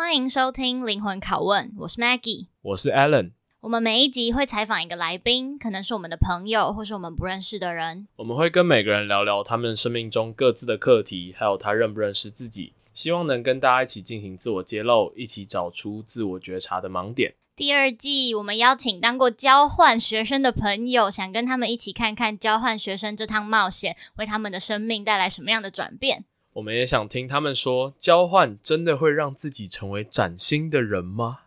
歡迎收聽《靈魂拷問》，我是 Maggie，我是 Alan。我們每一集會採訪一個來賓，可能是我們的朋友，或是我們不認識的人。我們會跟每個人聊聊他們生命中各自的課題，還有他認不認識自己。希望能跟大家一起進行自我揭露，一起找出自我覺察的盲點。第二季我們邀請當過交換學生的朋友，想跟他們一起看看交換學生這趟冒險，為他們的生命帶來什麼樣的轉變。我們也想聽他們說，交換真的會讓自己成為嶄新的人嗎？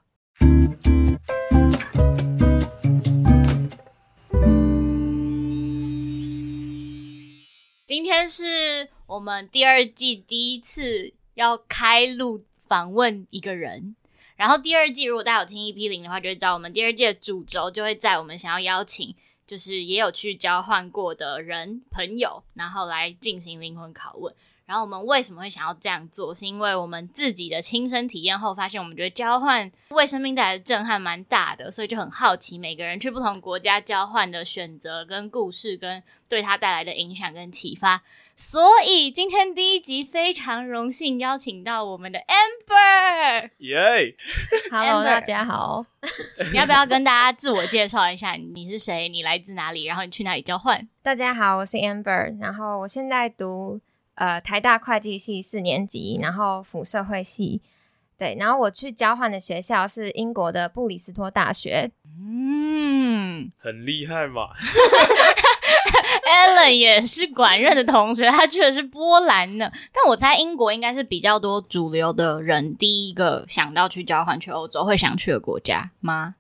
今天是我們第二季第一次要開錄訪問一個人。然後第二季，如果大家有聽 EP0 的話，就會知道我們第二季的主軸就會在我們想要邀請，就是也有去交換過的人朋友，然後來進行靈魂拷問。然後我們為什麼會想要這樣做？是因為我們自己的親身體驗後發現，我們覺得交換為生命帶來的震撼蠻大的，所以就很好奇每個人去不同國家交換的選擇、跟故事、跟對他帶來的影響跟啟發。所以今天第一集非常榮幸邀請到我們的 Amber，耶、yeah. ！Hello，Amber. 大家好， 你要不要跟大家自我介紹一下？你是誰？你來自哪裡？然後你去哪裡交換？ 大家好，我是 Amber，然後我現在讀，呃，台大會計系四年級，然後輔社會系，對，然後我去交換的學校是英國的布里斯托大學。嗯，很厲害嘛。 Alan 也是管院的同學，他去的是波蘭呢。但我猜英國應該是比較多主流的人第一個想到去交換去歐洲會想去的國家嗎？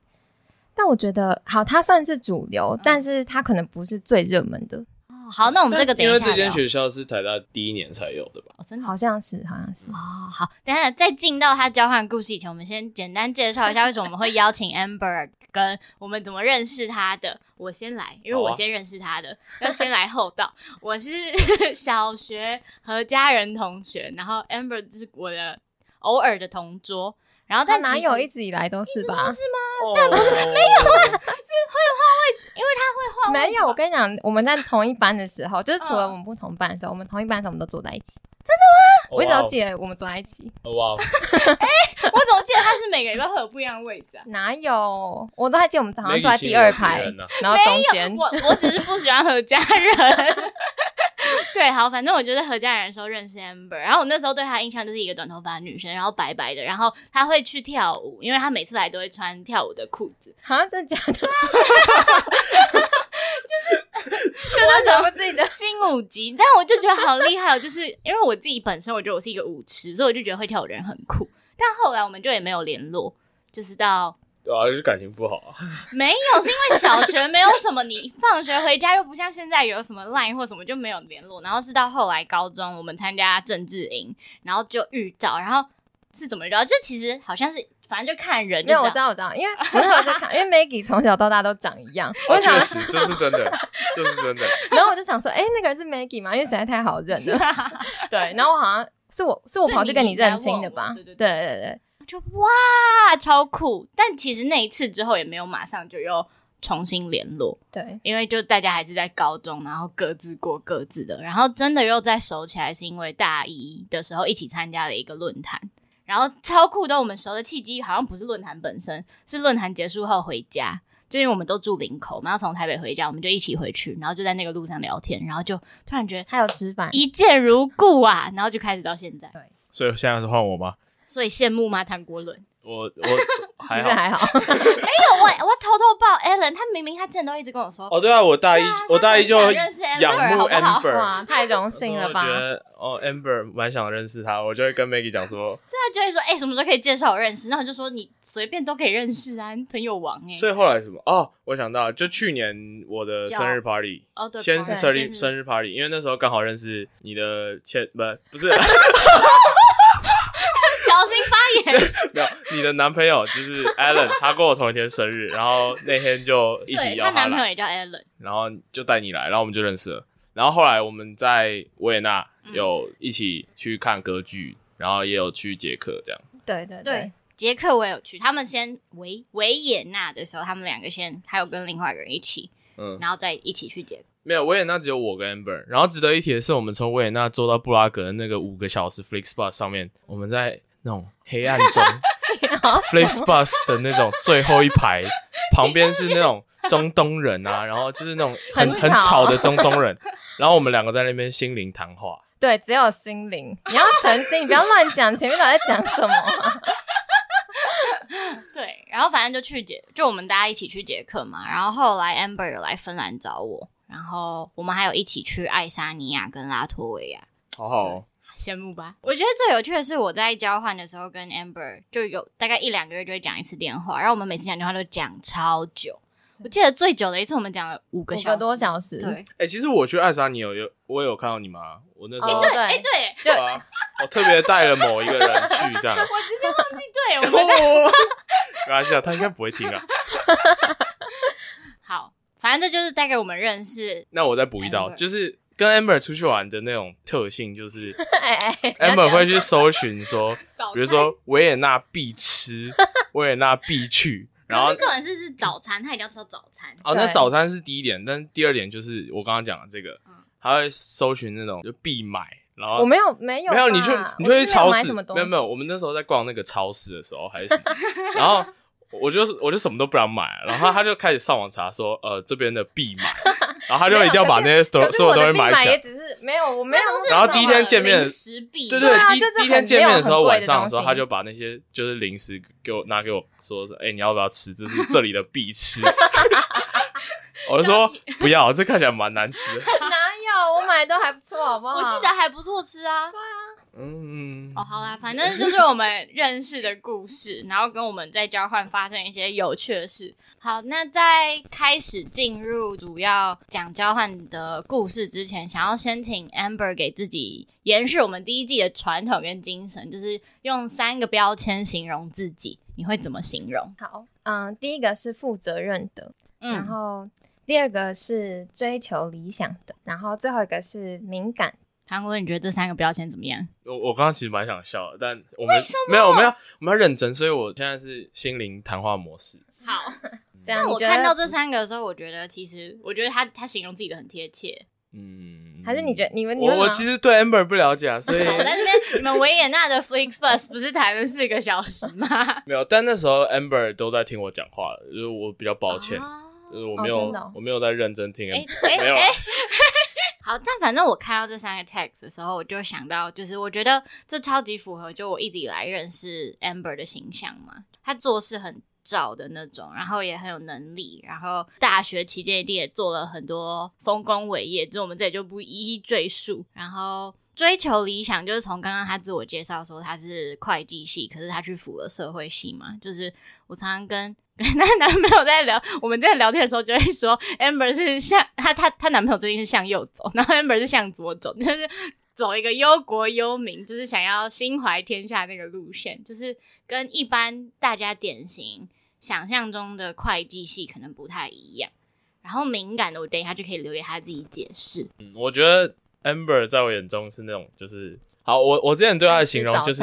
但我覺得，好，他算是主流，嗯、但是他可能不是最熱門的。好，那我們這個等一下。因為這間學校是台大第一年才有的吧？哦、真的，好像是，好像是、嗯、哦，好，等一下再進到他交換故事以前，我們先簡單介紹一下為什麼我們會邀請 Amber 跟我們怎麼認識他的。我先來，因為我先認識他的，要、啊、先來後到。我是小學和家人同學，然後 Amber 就是我的偶爾的同桌，然後他哪有一直以來都是吧？不是嗎？但不是沒有啊，oh. 是會換位置，因為他會換。沒有，我跟你講，我們在同一班的時候， 就是除了我們不同班的時候，oh. 我們同一班的時候我們都坐在一起。真的嗎？Oh, wow. 我一直要記得我們坐在一起。哇！哎，我怎麼記得他是每個都有不一樣位置啊？ 哪有？我都還記得我們早上坐在第二排，啊、然後中間。我我只是不喜歡何家人。 對，好，反正我覺得何家人的時候認識 Amber，然後我那時候對他印象就是一個短頭髮女生，然後白白的，然後她會去跳舞，因為她每次來都會穿跳舞的褲子。啊，真的假的？ 就是就當掌握自己的新舞集。但我就覺得好厲害哦！就是因為我自己本身，我覺得我是一個舞痴，所以我就覺得會跳舞的人很酷。但後來我們就也沒有聯絡，就是到對啊，就是感情不好啊。沒有是因為小學沒有什麼，你放學回家 又不像現在有什麼 Line 或什麼就沒有聯絡。然後是到後來高中，我們參加政治營，然後就遇到，然後是怎麼遇到？就其實好像是。反正就看人就，因為我知道，我知道，因為不是看， 因為 Maggie 從小到大都長一樣， 我想哦、確實這、就是真的，這、就是真的。 然後我就想說，哎、欸，那個人是 Maggie 嗎？因為實在太好認了。 對，然後我好像是我是我跑去跟你認親的吧？對對對，對對對，就哇，超酷！但其實那一次之後也沒有馬上就又重新聯絡，對，因為就大家還是在高中，然後各自過各自的。然後真的又再熟起來，是因為大一的時候一起參加了一個論壇。然後超酷的，我們熟的契機好像不是論壇本身，是論壇結束後回家，就因為我們都住林口，然後從台北回家，我們就一起回去，然後就在那個路上聊天，然後就突然覺得還有吃飯，一見如故啊，然後就開始到現在。對，所以現在是換我嗎？所以羨慕嗎，湯國倫？我我。 其實還好還好 沒有，哎呦我我偷偷爆艾倫，他明明他之前都一直跟我說 哦，對啊，我大一、啊、我大一就認識 Amber 好不好？哇、啊啊，太榮幸了吧？我覺得哦 Amber 蠻想認識他，我就會跟 Maggie 講說， 對啊，就會說哎、欸，什麼時候可以介紹我認識，然後就說你隨便都可以認識啊，你朋友王哎。所以後來什麼？哦，我想到就去年我的生日 party，哦對，先是生日 party，因為那時候剛好認識你的前不不是。 小心發言。沒有，你的男朋友就是 Alan， 他跟我同一天生日，然後那天就一起邀他來。他男朋友也叫 Alan，然後就帶你來，然後我們就認識了。然後後來我們在維也納有一起去看歌劇，嗯，然後也有去捷克這樣。對對對，對捷克我有去。他們先維維也納的時候，他們兩個先還有跟另外一個人一起，嗯，然後再一起去捷克。沒有，維也納只有我跟 Amber。然後值得一提的是，我們從維也納坐到布拉格的那個五個小時 FlixBus 上面，我們在。那種黑暗中 ，Flixbus 的那種最後一排，旁邊是那種中東人啊，然後就是那種很很吵，很吵的中東人，然後我們兩個在那邊心靈談話。對，只有心靈，你要澄清，你不要亂講 前面都在講什麼、啊。 對，然後反正就去捷，就我們大家一起去捷克嘛。然後後來 Amber 有來芬蘭找我，然後我們還有一起去愛沙尼亞跟拉脫維亞。好好、哦。羨慕吧！我覺得最有趣的是，我在交換的時候跟 Amber 就有大概一兩個月就會講一次電話，然後我們每次講電話都講超久。我記得最久的一次，我們講了五個小時，五個多小時。對，哎、欸，其實我去愛沙尼亞有，有我有看到你嗎？我那時候，對，哎、哦、對，對、啊欸對、對、對啊、 我特別帶了某一個人去，這樣 我直接忘記對，我。 沒關係、啊，他應該不會聽啊。 好，反正這就是大概我們認識。那我再補一刀，Amber，就是。跟 Amber 出去玩的那種特性就是，Amber 會去搜尋說，比如說維也納必吃、維 也納必去，然後重點是這種人是，是早餐，他一定要吃早餐。哦，那早餐是第一點，但是第二點就是我剛剛講的這個，他會搜尋那種就必買，然後我沒有沒有沒有，你去你去超市沒，沒有沒有，我們那時候在逛那個超市的時候還是什麼， 然後。我就是，我就什麼都不想買，然後他就開始上網查，說， 呃，這邊的必買，然後他就一定要把那些都所 有東西買下。我買也只是 沒有，我沒有，然後第一天見面的，對對，對，第第、啊一，就是、一天見面的時候，晚上的時候，他就把那些就是零食給我拿給我說，說，哎，你要不要吃？這是這裡的必吃。 我就說不要，這看起來蠻難吃。 哪有？我買的都還不錯，好不好？我記得還不錯吃啊。對啊嗯哦，好啦，反正就是我們認識的故事， 然後跟我們在交換發生一些有趣的事。好，那在開始進入主要講交換的故事之前，想要先請 Amber 給自己延續我們第一季的傳統跟精神，就是用三個標籤形容自己，你會怎麼形容？好，嗯，第一個是負責任的，然後第二個是追求理想的，然後最後一個是敏感的。國倫，你覺得這三個標籤怎麼樣？我我剛剛其實蠻想笑的，但我們沒，沒有，我們要認真，所以我現在是心靈談話模式。好、嗯那，那我看到這三個的時候，我覺得其實我覺得他他形容自己的很貼切。嗯，還是你覺得你們我你我其實對 Amber 不了解，所以。但那你們維也納的 FlixBus 不是談了四個小時嗎？沒有，但那時候 Amber 都在聽我講話，就是我比較抱歉，啊、就是我沒有、哦哦、我沒有在認真聽 Amber、欸，沒有、啊。欸欸欸 好，但反正我看到這三個 text 的時候，我就想到，就是我覺得這超級符合，就我一直以來認識 Amber 的形象嘛。他做事很罩的那種，然後也很有能力，然後大學期間一定也做了很多豐功偉業，就我們這裡就不一一贅述。然後追求理想，就是從剛剛他自我介紹說他是會計系，可是他去輔了社會系嘛，就是我常常跟。那 男朋友在聊，我們在聊天的時候就會說，Amber 是向她她她男朋友最近是向右走，然後 Amber 是向左走，就是走一個憂國憂民，就是想要心懷天下那個路線，就是跟一般大家典型想象中的會計系可能不太一樣。然後敏感的我等一下就可以留給他自己解釋。嗯，我覺得 Amber 在我眼中是那種就是好，我我之前對他的形容就是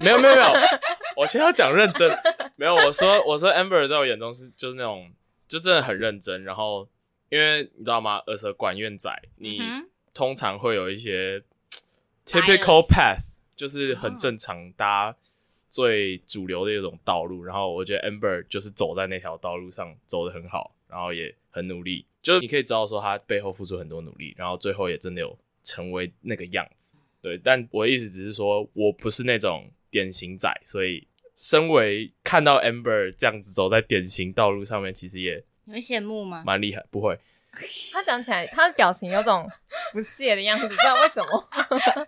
沒有沒有沒有。沒有沒有 我現在要講認真，沒有，我說我說 Amber 在我眼中是就是那種就真的很認真，然後因為你知道嗎？而且管院仔你通常會有一些、mm -hmm. typical path，、Bias. 就是很正常，大家最主流的一種道路。Oh. 然後我覺得 Amber 就是走在那條道路上走得很好，然後也很努力，就是你可以知道說他背後付出很多努力，然後最後也真的有成為那個樣子。對，但我的意思只是說我不是那種典型仔，所以。身為看到 Amber 這樣子走在典型道路上面，其實也你會羨慕嗎？蠻厲害，不會。 他講起來，他的表情有種不屑的樣子，不知道為什麼？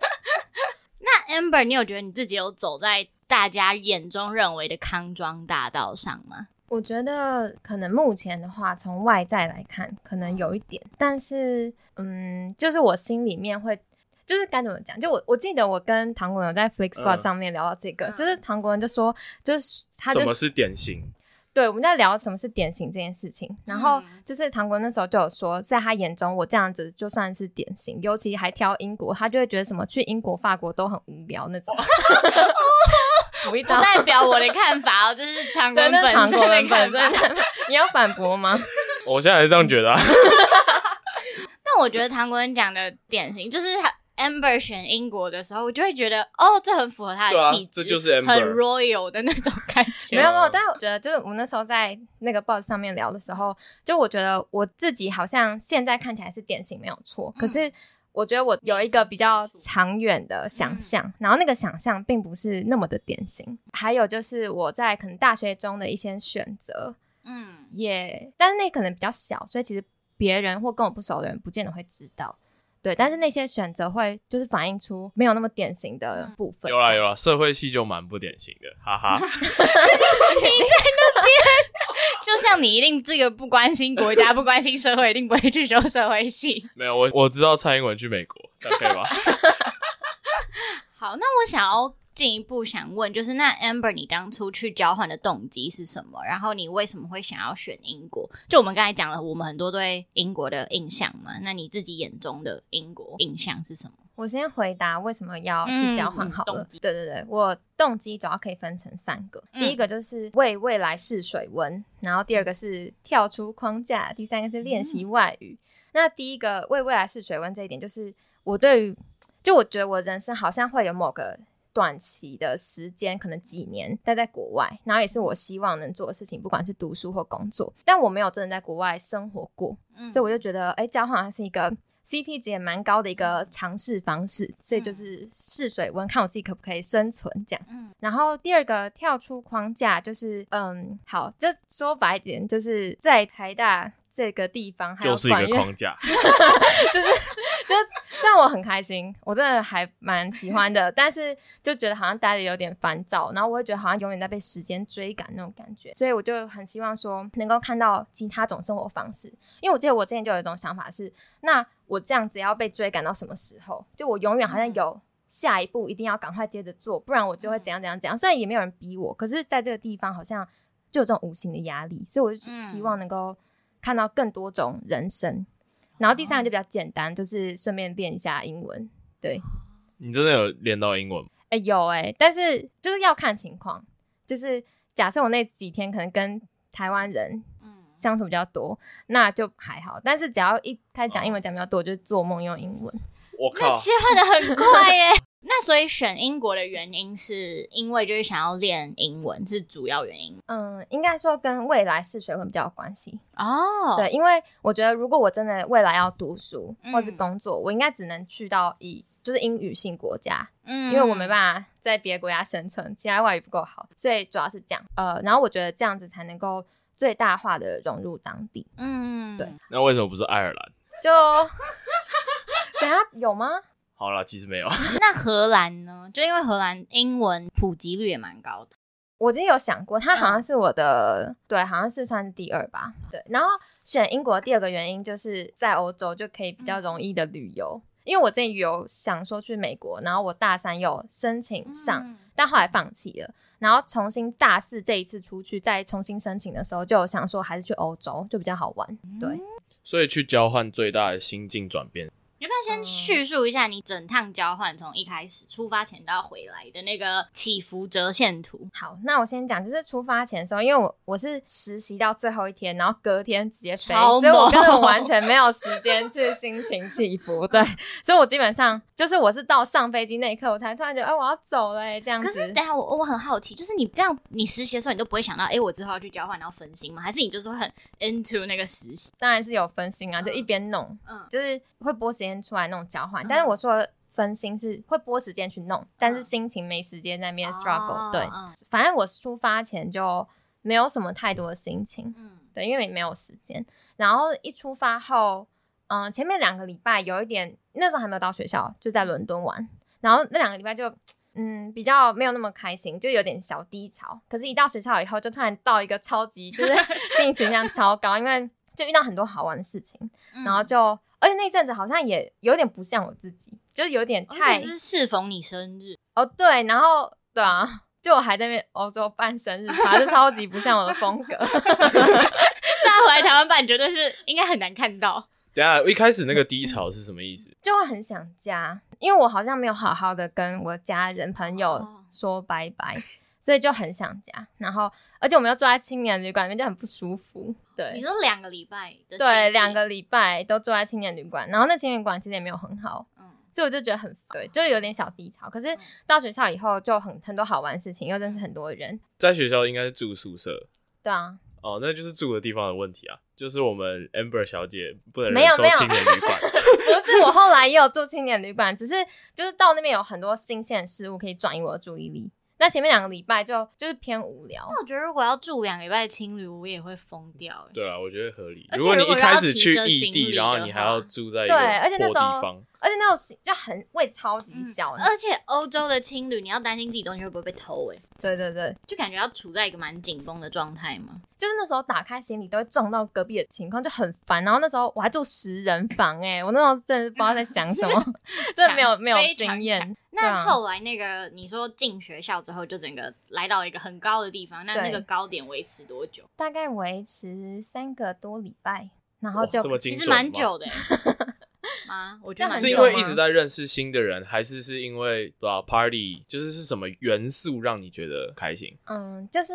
那 Amber，你有覺得你自己有走在大家眼中認為的康莊大道上嗎？我覺得可能目前的話，從外在來看，可能有一點，但是嗯，就是我心裡面會。就是該怎麼講？就我我記得我跟唐國倫在 Flick Squad 上面聊到這個，嗯、就是唐國倫就說，就是他就什麼是典型？對，我們在聊什麼是典型這件事情。然後就是唐國倫那時候就有說，在他眼中我這樣子就算是典型，尤其還挑英國，他就會覺得什麼去英國、法國都很無聊那種。我 一代表我的看法哦，就是唐國倫本身 對唐國倫本身， 你要反駁嗎？我現在還是這樣覺得。啊。 但 我覺得唐國倫講的典型就是他。Amber 選英國的時候，我就會覺得，哦，這很符合他的氣質，啊、就是很 royal 的那種感覺。沒 有、yeah. 沒有，但我覺得，就是我那時候在那個報紙上面聊的時候，就我覺得我自己好像現在看起來是典型沒有錯、嗯，可是我覺得我有一個比較長遠的想象、嗯，然後那個想象並不是那麼的典型、嗯。還有就是我在可能大學中的一些選擇，嗯，也，但是那可能比較小，所以其實別人或跟我不熟的人不見得會知道。對，但是那些選擇會就是反映出沒有那麼典型的部分。有啦，有啦，社會系就蠻不典型的，哈哈。 你在那邊， 就像你一定這個不關心國家、 不關心社會，一定不會去修社會系。沒有，我，我知道蔡英文去美國，可以吧？ 好，那我想要。進一步想問，就是那 Amber，你當初去交換的動機是什麼？然後你為什麼會想要選英國？就我們剛才講了，我們很多對英國的印象嘛，那你自己眼中的英國印象是什麼？我先回答為什麼要去交換好了。嗯、動機。對對對，我動機主要可以分成三個：嗯、第一個就是為未來試水溫，然後第二個是跳出框架，第三個是練習外語、嗯。那第一個為未來試水溫這一點，就是我對於就我覺得我人生好像會有某個。短期的時間可能幾年待在國外，然後也是我希望能做的事情，不管是讀書或工作。但我沒有真的在國外生活過，嗯、所以我就覺得，哎、欸，交換是一個 CP 值也蠻高的一個嘗試方式、嗯，所以就是試水溫，看我自己可不可以生存這樣、嗯。然後第二個跳出框架就是，嗯，好，就說白一點，就是在台大。這個地方還就是一個框架，就 是，就是，就雖然我很開心，我真的還蠻喜歡的， 但是就覺得好像待得有點煩躁，然後我也覺得好像永遠在被時間追趕那種感覺，所以我就很希望說能夠看到其他種生活方式，因為我記得我之前就有一種想法是，那我這樣子要被追趕到什麼時候？就我永遠好像有下一步一定要趕快接着做，不然我就會怎樣怎樣怎樣，嗯、雖然也沒有人逼我，可是在這個地方好像就有這種無形的壓力，所以我就希望能夠。看到更多種人生，然後第三個就比較簡單，哦、就是順便練一下英文。對，你真的有練到英文？哎、欸、有哎、欸，但是就是要看情況。就是假設我那幾天可能跟台灣人相處比較多、嗯，那就還好。但是只要一開始講英文講比較多，嗯、就是、做夢用英文。我靠，切換得很快耶、欸。 那所以選英國的原因是因為就是想要練英文，是主要原因。嗯，應該說跟未來是水會比較有關係哦。Oh. 對，因為我覺得如果我真的未來要讀書或是工作，嗯、我應該只能去到以就是英語系國家，嗯，因為我沒辦法在別的國家生存，其他外語不夠好，所以主要是這樣。呃，然後我覺得這樣子才能夠最大化的融入當地。嗯，對。那為什麼不是愛爾蘭？就 等下有嗎？好了，其實沒有。 那荷蘭呢？就因為荷蘭英文普及率也蠻高的。我之前有想過，它好像是我的、嗯、對，好像是算是第二吧。對，然後選英國的第二個原因就是在歐洲就可以比較容易的旅遊，嗯。因為我之前有想說去美國，然後我大三有申請上，嗯，但後來放棄了，然後重新大四這一次出去再重新申請的時候，就有想說還是去歐洲就比較好玩。對，所以去交換最大的心境轉變。你要不要先敘述一下你整趟交換從、嗯、一開始出發前到回來的那個起伏折線圖？好，那我先講，就是出發前的時候，因為我我是實習到最後一天，然後隔天直接飛，所以我根本完全沒有時間去心情起伏。 對，所以我基本上就是我是到上飛機那一刻，我才突然覺得哎、欸，我要走了欸，這樣子。可是我我很好奇，就是你這樣你實習的時候，你都不會想到哎、欸，我之後要去交換，然後分心嗎？還是你就是很 into 那個實習？當然是有分心啊，就一邊弄嗯、嗯，就是會播鞋。先出來弄交換，但是我說分心是會撥時間去弄、嗯，但是心情沒時間在那邊 struggle 對。對、哦哦，反正我出發前就沒有什麼太多的心情，嗯、對，因為沒有時間。然後一出發後，嗯、呃，前面兩個禮拜有一點，那時候還沒有到學校，就在倫敦玩。然後那兩個禮拜就，嗯，比較沒有那麼開心，就有點小低潮。可是，一到學校以後，就突然到一個超級，就是 心情這樣超高，因為就遇到很多好玩的事情，嗯、然後就。而且那陣子好像也有點不像我自己，就是有點太、哦、適逢你生日哦，對，然後對啊，就我還在那邊歐洲辦生日，反 正超級不像我的風格。再 回來台灣辦，絕對是應該很難看到。等一下，一開始那個低潮是什麼意思？ 就會很想家，因為我好像沒有好好的跟我家人朋友說拜拜。哦 所以就很想家，然後而且我們要住在青年旅館，那就很不舒服。對，你說兩個禮拜的、就是，對，兩個禮拜都住在青年旅館，然後那青年旅館其實也沒有很好，嗯，所以我就覺得很煩，對，就有點小低潮。可是到學校以後，就很很多好玩的事情，又認識很多人。在學校應該是住宿舍。對啊，哦，那就是住的地方的問題啊，就是我們 Amber 小姐不能忍受青年旅館。沒有，沒有。 不是，我後來也有住青年旅館， 只是就是到那邊有很多新鮮事物可以轉移我的注意力。那前面兩個禮拜就就是偏無聊。那我覺得如果要住兩個禮拜的青旅，我也會瘋掉、欸。對啊，我覺得合理。如果你一開始去異地，然後你還要住在一個地方對，而且那時候，而且那時候就很會超級小、嗯，而且歐洲的青旅你要擔心自己東西會不會被偷、欸，哎，對對對，就感覺要處在一個蠻緊繃的狀態嘛。就是那時候打開行李都會撞到隔壁的情況就很煩。然後那時候我還住十人房、欸，哎， 我那時候真的是不知道在想什麼， 真的沒有沒有經驗。那後來那個你說進學校之後就整個來到一個很高的地方，那那個高點維持多久？大概維持三個多禮拜，然後就、哦、這麼其實蠻久的。 啊，我覺得蠻久是因為一直在認識新的人， 還是是因為多少 party 就是是什麼元素讓你覺得開心？嗯，就是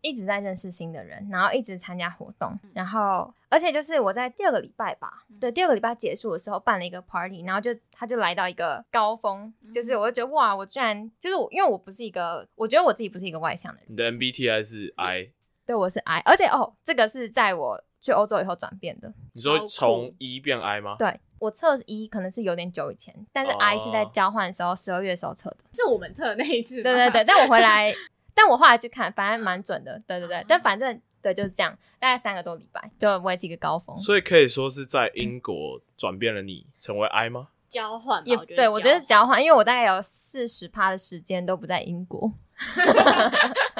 一直在認識新的人，然後一直參加活動，然後。而且就是我在第二個禮拜吧，嗯、對第二個禮拜結束的時候辦了一個 party，然後就他就來到一個高峰，嗯、就是我就覺得哇，我居然就是我，因為我不是一個，我覺得我自己不是一個外向的人。你的 MBTI 是 I，對，對，我是 I，而且哦，這個是在我去歐洲以後轉變的。你說從 E 變 I 嗎？對，我測 E 可能是有點久以前，但是 I 是在交換的時候十二月的時候測的，uh... 是我們測的那一次。對對對，但我回來， 但我後來去看，反而蠻準的。對對對，但反正。Uh... 對，就是這樣，大概三個多禮拜就維持一個高峰，所以可以說是在英國轉變了你成為 I 嗎？交換嘛，交換，也對，我覺得是交換，因為我大概有四十趴的時間都不在英國，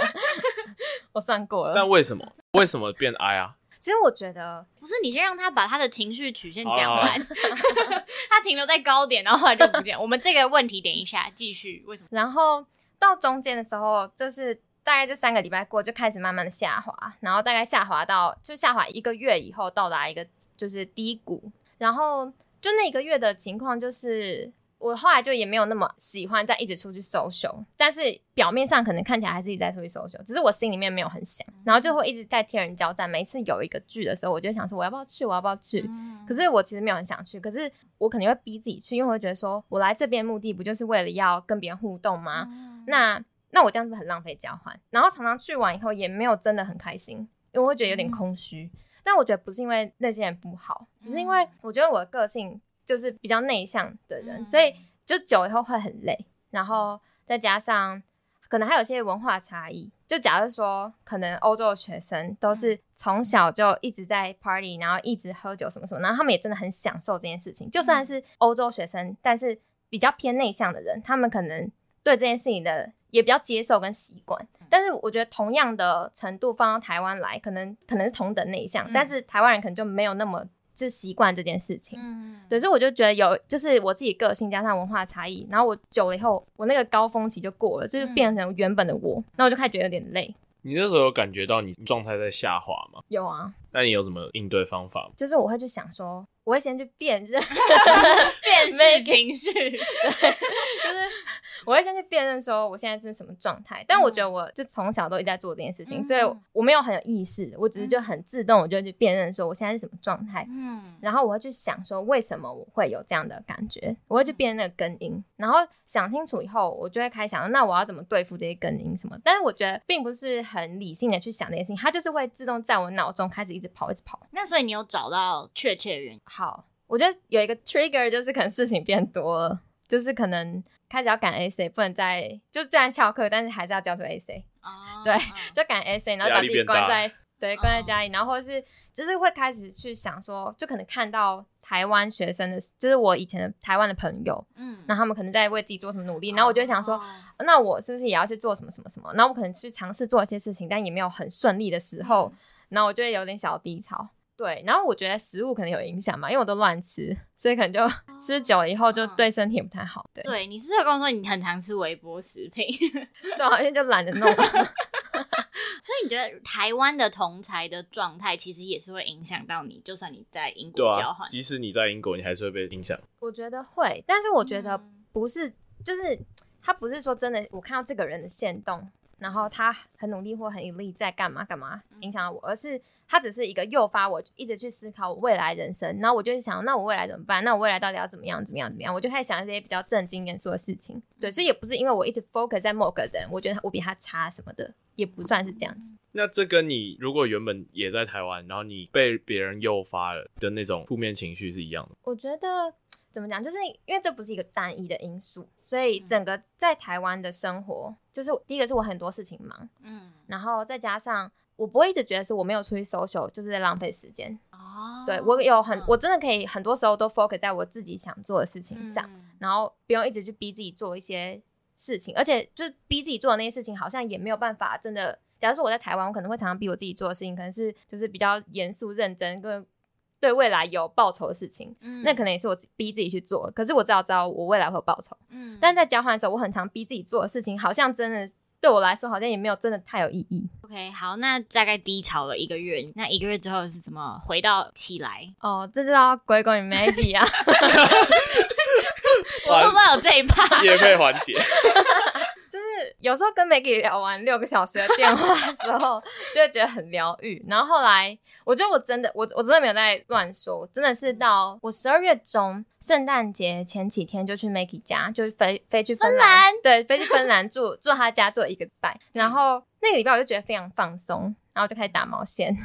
我算過了。但為什麼？為什麼變 I 啊？其實我覺得不是，你先讓他把他的情緒曲線講完，好好好 他停留在高點，然後後來就不講。 我們這個問題點一下繼續，為什麼？然後到中間的時候就是。大概這三個禮拜過，就開始慢慢的下滑，然後大概下滑到就下滑一個月以後到達一個就是低谷，然後就那一個月的情況就是我後來就也沒有那麼喜歡再一直出去 social，但是表面上可能看起來還是一直在出去 social，只是我心裡面沒有很想，然後就會一直在天人交戰。每次有一個劇的時候，我就想說我要不要去，我要不要去？可是我其實沒有很想去，可是我肯定會逼自己去，因為我覺得說我來這邊目的不就是為了要跟別人互動嗎？那。那我這樣是不是很浪費交換？然後常常去完以後也沒有真的很開心，因為我會覺得有點空虛、嗯。但我覺得不是因為那些人不好、嗯，只是因為我覺得我的個性就是比較內向的人、嗯，所以就久以後會很累。然後再加上可能還有些文化差異。就假如說，可能歐洲的學生都是從小就一直在 party，然後一直喝酒什麼什麼，然後他們也真的很享受這件事情。就算是歐洲學生，但是比較偏內向的人，他們可能對這件事情的。也比較接受跟習慣，但是我覺得同樣的程度放到台灣來，可能可能是同等內向、嗯，但是台灣人可能就沒有那麼就習慣這件事情。嗯對，所以我就覺得有，就是我自己個性加上文化差異，然後我久了以後，我那個高峰期就過了，就是變成原本的我，那、嗯、我就開始覺得有點累。你那時候有感覺到你狀態在下滑嗎？有啊。那你有什麼應對方法？就是我會去想說，我會先去辨認， 辨識情緒。 我會先去辨認說我現在是什麼狀態，但我覺得我就從小都一直在做這件事情，嗯、所以我沒有很有意識，我只是就很自動我就去辨認說我現在是什麼狀態，嗯，然後我會去想說為什麼我會有這樣的感覺，我會去辨認那個根因，然後想清楚以後，我就會開始想，那我要怎麼對付這些根因什麼，但是我覺得並不是很理性的去想這件事情，它就是會自動在我腦中開始一直跑一直跑。那所以你有找到確切原因？好，我覺得有一個 trigger 就是可能事情變多了。就是可能開始要趕 AC，不能再就是雖然翹課，但是還是要交出 AC。哦，對，就趕 AC，然後把自己關在對關在家裡，oh. 然後或是就是會開始去想說，就可能看到台灣學生的，就是我以前的台灣的朋友，嗯，那他們可能在為自己做什麼努力，然後我就會想說，oh. 啊，那我是不是也要去做什麼什麼什麼？然後我可能去嘗試做一些事情，但也沒有很順利的時候，那我就會有點小低潮。對，然後我覺得食物可能有影響嘛，因為我都亂吃，所以可能就吃久了以後就對身體不太好。哦、對，對，你是不是有跟我說你很常吃微波食品？對、啊，好 像就懶得弄了。 所以你覺得台灣的同儕的狀態其實也是會影響到你，就算你在英國交換、啊，即使你在英國，你還是會被影響。我覺得會，但是我覺得不是，嗯、就是他不是說真的。我看到這個人的限動，然後他很努力或很努力在幹嘛幹嘛，影響到我，而是他只是一個誘發我一直去思考我未來人生，然後我就想，那我未來怎麼辦？那我未來到底要怎麼樣？怎麼樣？怎麼樣？我就開始想一些比較正經嚴肅的事情。對，所以也不是因為我一直 focus 在某個人，我覺得我比他差什麼的，也不算是這樣子。那這跟你如果原本也在台灣，然後你被別人誘發了的那種負面情緒是一樣的。我覺得。怎麼講？就是因為這不是一個單一的因素，所以整個在台灣的生活，嗯、就是第一個是我很多事情忙，嗯，然後再加上我不會一直覺得是我沒有出去 social，就是在浪費時間哦。對我有很、嗯、我真的可以很多時候都 focus 在我自己想做的事情上，嗯，然後不用一直去逼自己做一些事情，而且就逼自己做的那些事情，好像也沒有辦法真的。假如說我在台灣，我可能會常常逼我自己做的事情，可能是就是比較嚴肅認真跟，對未來有報酬的事情，嗯，那可能也是我逼自己去做。可是我知道，知道我未來會有報酬，嗯。但在交換的時候，我很常逼自己做的事情，好像真的對我來說，好像也沒有真的太有意義。OK，好，那大概低潮了一個月，那一個月之後是怎麼回到起來？哦，這就要歸功於 Maggie 啊。會、啊、 不會有這一趴？免費環節。 就是有時候跟 Maggie 聊完六個小時的電話的時候， 就會覺得很療癒。然後後來，我覺得我真的，我我真的沒有在亂說，我真的是到我十二月中聖誕節前幾天就去 Maggie 家，就飛飛去芬蘭，對，飛去芬蘭住 住，住他家住一個拜。然後那個禮拜我就覺得非常放鬆，然後就開始打毛線，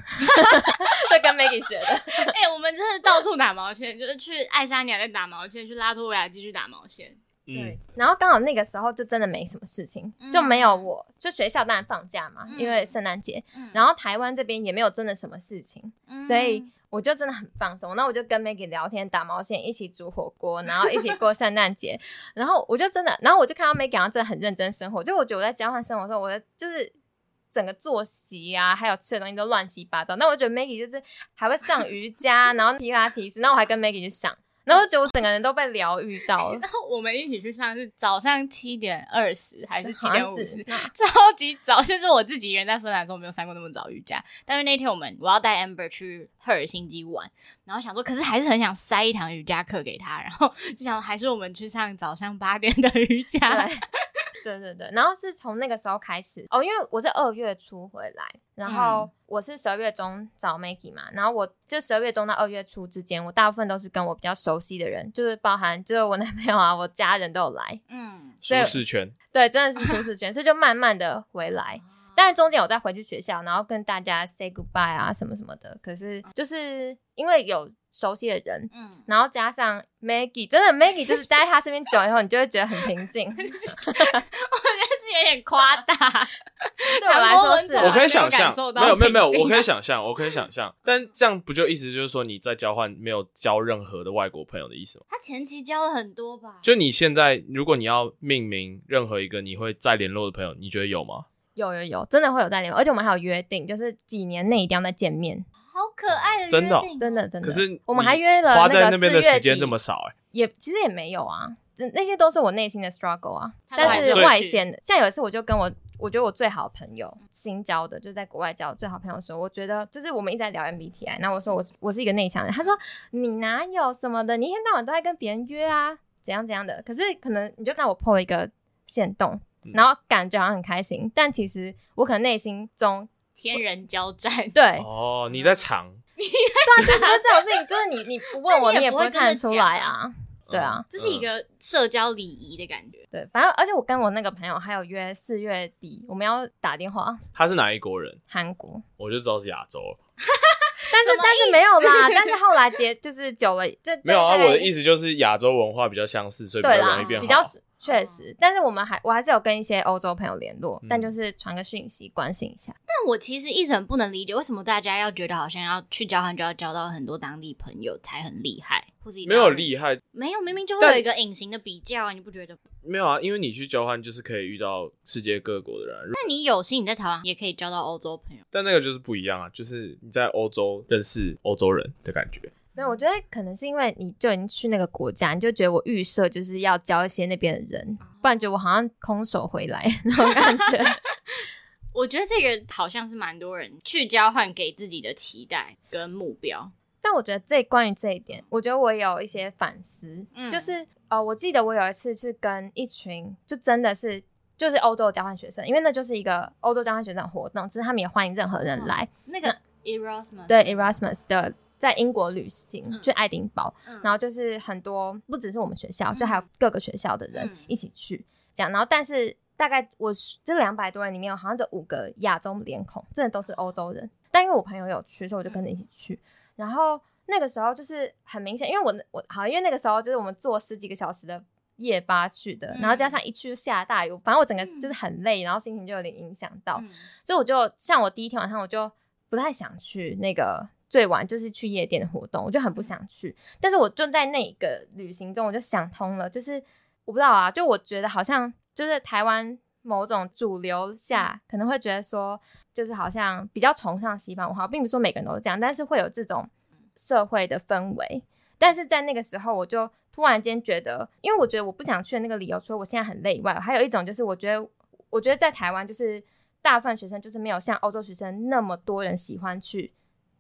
在 跟 Maggie 學的。哎、 欸，我們真的到處打毛線，就是去愛沙尼亞在打毛線，去拉脫維亞繼續打毛線。嗯、對，然後剛好那個時候就真的沒什麼事情，就沒有我、嗯、就學校當然放假嘛，嗯、因為聖誕節，然後台灣這邊也沒有真的什麼事情，嗯、所以我就真的很放鬆。那我就跟 Maggie 聊天、打毛線、一起煮火鍋，然後一起過聖誕節。 然後我就真的，然後我就看到 Maggie 好像真的很認真生活。就我覺得我在交換生活的時候，我的就是整個作息啊，還有吃的東西都亂七八糟。那我覺得 Maggie 就是還會上瑜伽， 然後提拉提斯，那我還跟 Maggie 就上。然後就我整個人都被療癒到了， 然後我們一起去上是早上七點二十還是七點五十，超級早， 就是我自己人在芬蘭的時候沒有上過那麼早瑜伽，但是那天我們我要帶 Amber 去赫爾辛基玩，然後想說，可是還是很想塞一堂瑜伽課給他，然後就想說還是我們去上早上八點的瑜伽。對對對，然後是從那個時候開始哦，因為我是二月初回來，然後我是十二月中找 Maggie 嘛、嗯，然後我就十二月中到二月初之間，我大部分都是跟我比較熟悉的人，就是包含就是我男朋友啊，我家人都有來，嗯，所以舒適圈，對，真的是舒適圈，所以就慢慢的回來。但是中間有再回去學校，然後跟大家 say goodbye 啊，什麼什麼的。可是就是因為有熟悉的人，嗯，然後加上 Maggie，真的 Maggie 就是在他身邊久了以後，你就會覺得很平靜。 我覺得是有點誇大， 對我來說是。 我可以想象，沒有沒有沒有 我，我可以想象，我可以想象，但這樣不就意思就是說你在交換沒有交任何的外國朋友的意思嗎？他前期交了很多吧？就你現在，如果你要命名任何一個你會再聯絡的朋友，你覺得有嗎？有有有，真的會有在聯絡，而且我們還有約定，就是幾年內一定要再見面。好可愛的約定，啊、真的、哦、真的真的。可是、欸、我們還約了那花在那邊的時間這麼少，也其實也沒有啊，那些都是我內心的 struggle 啊。但是外顯的，像有一次我就跟我，我覺得我最好的朋友新交的，就是、在國外交的最好的朋友的時候，我覺得就是我們一直在聊 MBTI，那我說我是我是一個內向人，他說你哪有什麼的，你一天到晚都在跟別人約啊，怎樣怎樣的。可是可能你就讓我 po 一個限動。然後感覺好像很開心，但其實我可能內心中天人交戰。對哦，你在藏，對 啊，就這種事情，就是你你不問我， 你，也你也不會看得出來啊、嗯嗯。對啊，這是一個社交禮儀的感覺。嗯、對，反正而且我跟我那個朋友還有約四月底，我們要打電話。他是哪一國人？韓國。我就知道是亞洲。 但是但是沒有嘛？但是後來接就是久了，就 沒有啊、哎。我的意思就是亞洲文化比較相似，所以比較容易變好。比較確實，但是我們還我還是有跟一些歐洲朋友聯絡，嗯，但就是傳個訊息關心一下。但我其實一直很不能理解，為什麼大家要覺得好像要去交換就要交到很多當地朋友才很厲害，或者沒有厲害，沒有，明明就會有一個隱形的比較啊，你不覺得？沒有啊，因為你去交換就是可以遇到世界各國的人。那你有心，你在台灣也可以交到歐洲朋友，但那個就是不一樣啊，就是你在歐洲認識歐洲人的感覺。沒有，我覺得可能是因為你就已經去那個國家，你就覺得我預設就是要交一些那邊的人，不然覺得我好像空手回來那種感覺。 我覺得這個好像是蠻多人去交換給自己的期待跟目標，但我覺得這關於這一點，我覺得我有一些反思。嗯，就是呃，我記得我有一次是跟一群就真的是就是歐洲交換學生，因為那就是一個歐洲交換學生的活動，其實，就是，他們也歡迎任何人來。哦、那個 Erasmus 對 Erasmus 的。在英國旅行，去愛丁堡、嗯，然後就是很多，不只是我們學校，嗯、就還有各個學校的人一起去這樣。然後，但是大概我這兩百多人裡面，有好像就五個亞洲臉孔，真的都是歐洲人。但因為我朋友有去，所以我就跟着一起去。嗯、然後那個時候就是很明顯，因為我我好，因為那個時候就是我們坐十幾個小時的夜巴去的、嗯，然後加上一去就下了大雨，反正我整個就是很累，然後心情就有點影響到，嗯、所以我就像我第一天晚上我就不太想去那個。最晚就是去夜店的活動，我就很不想去。但是我就在那個旅行中，我就想通了，就是我不知道啊，就我覺得好像就是台灣某種主流下可能會覺得說，就是好像比較崇尚西方文化，並不是說每個人都是這樣，但是會有這種社會的氛圍。但是在那個時候，我就突然間覺得，因為我覺得我不想去的那個理由，除了我現在很累以外，還有一種就是我覺得，我覺得在台灣就是大部分學生就是沒有像歐洲學生那麼多人喜歡去。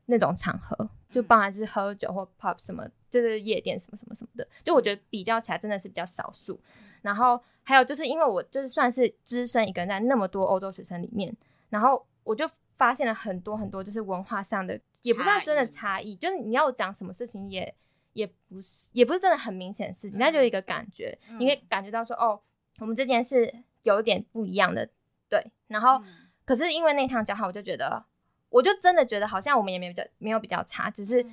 那種場合，就不管是喝酒或 pub 什麼、嗯，就是夜店什麼什麼什麼的，就我覺得比較起來真的是比較少數、嗯。然後還有就是因為我就是算是資深一個人在那麼多歐洲學生裡面，然後我就發現了很多很多就是文化上的，也不知道真的差異，就是你要講什麼事情也也不是也不是真的很明顯的事情，該、嗯、就一個感覺，嗯、你會感覺到說哦，我們之間是有點不一樣的對。然後、嗯、可是因為那一趟交換，我就覺得。我就真的覺得，好像我們也沒比較，沒有比較差，只是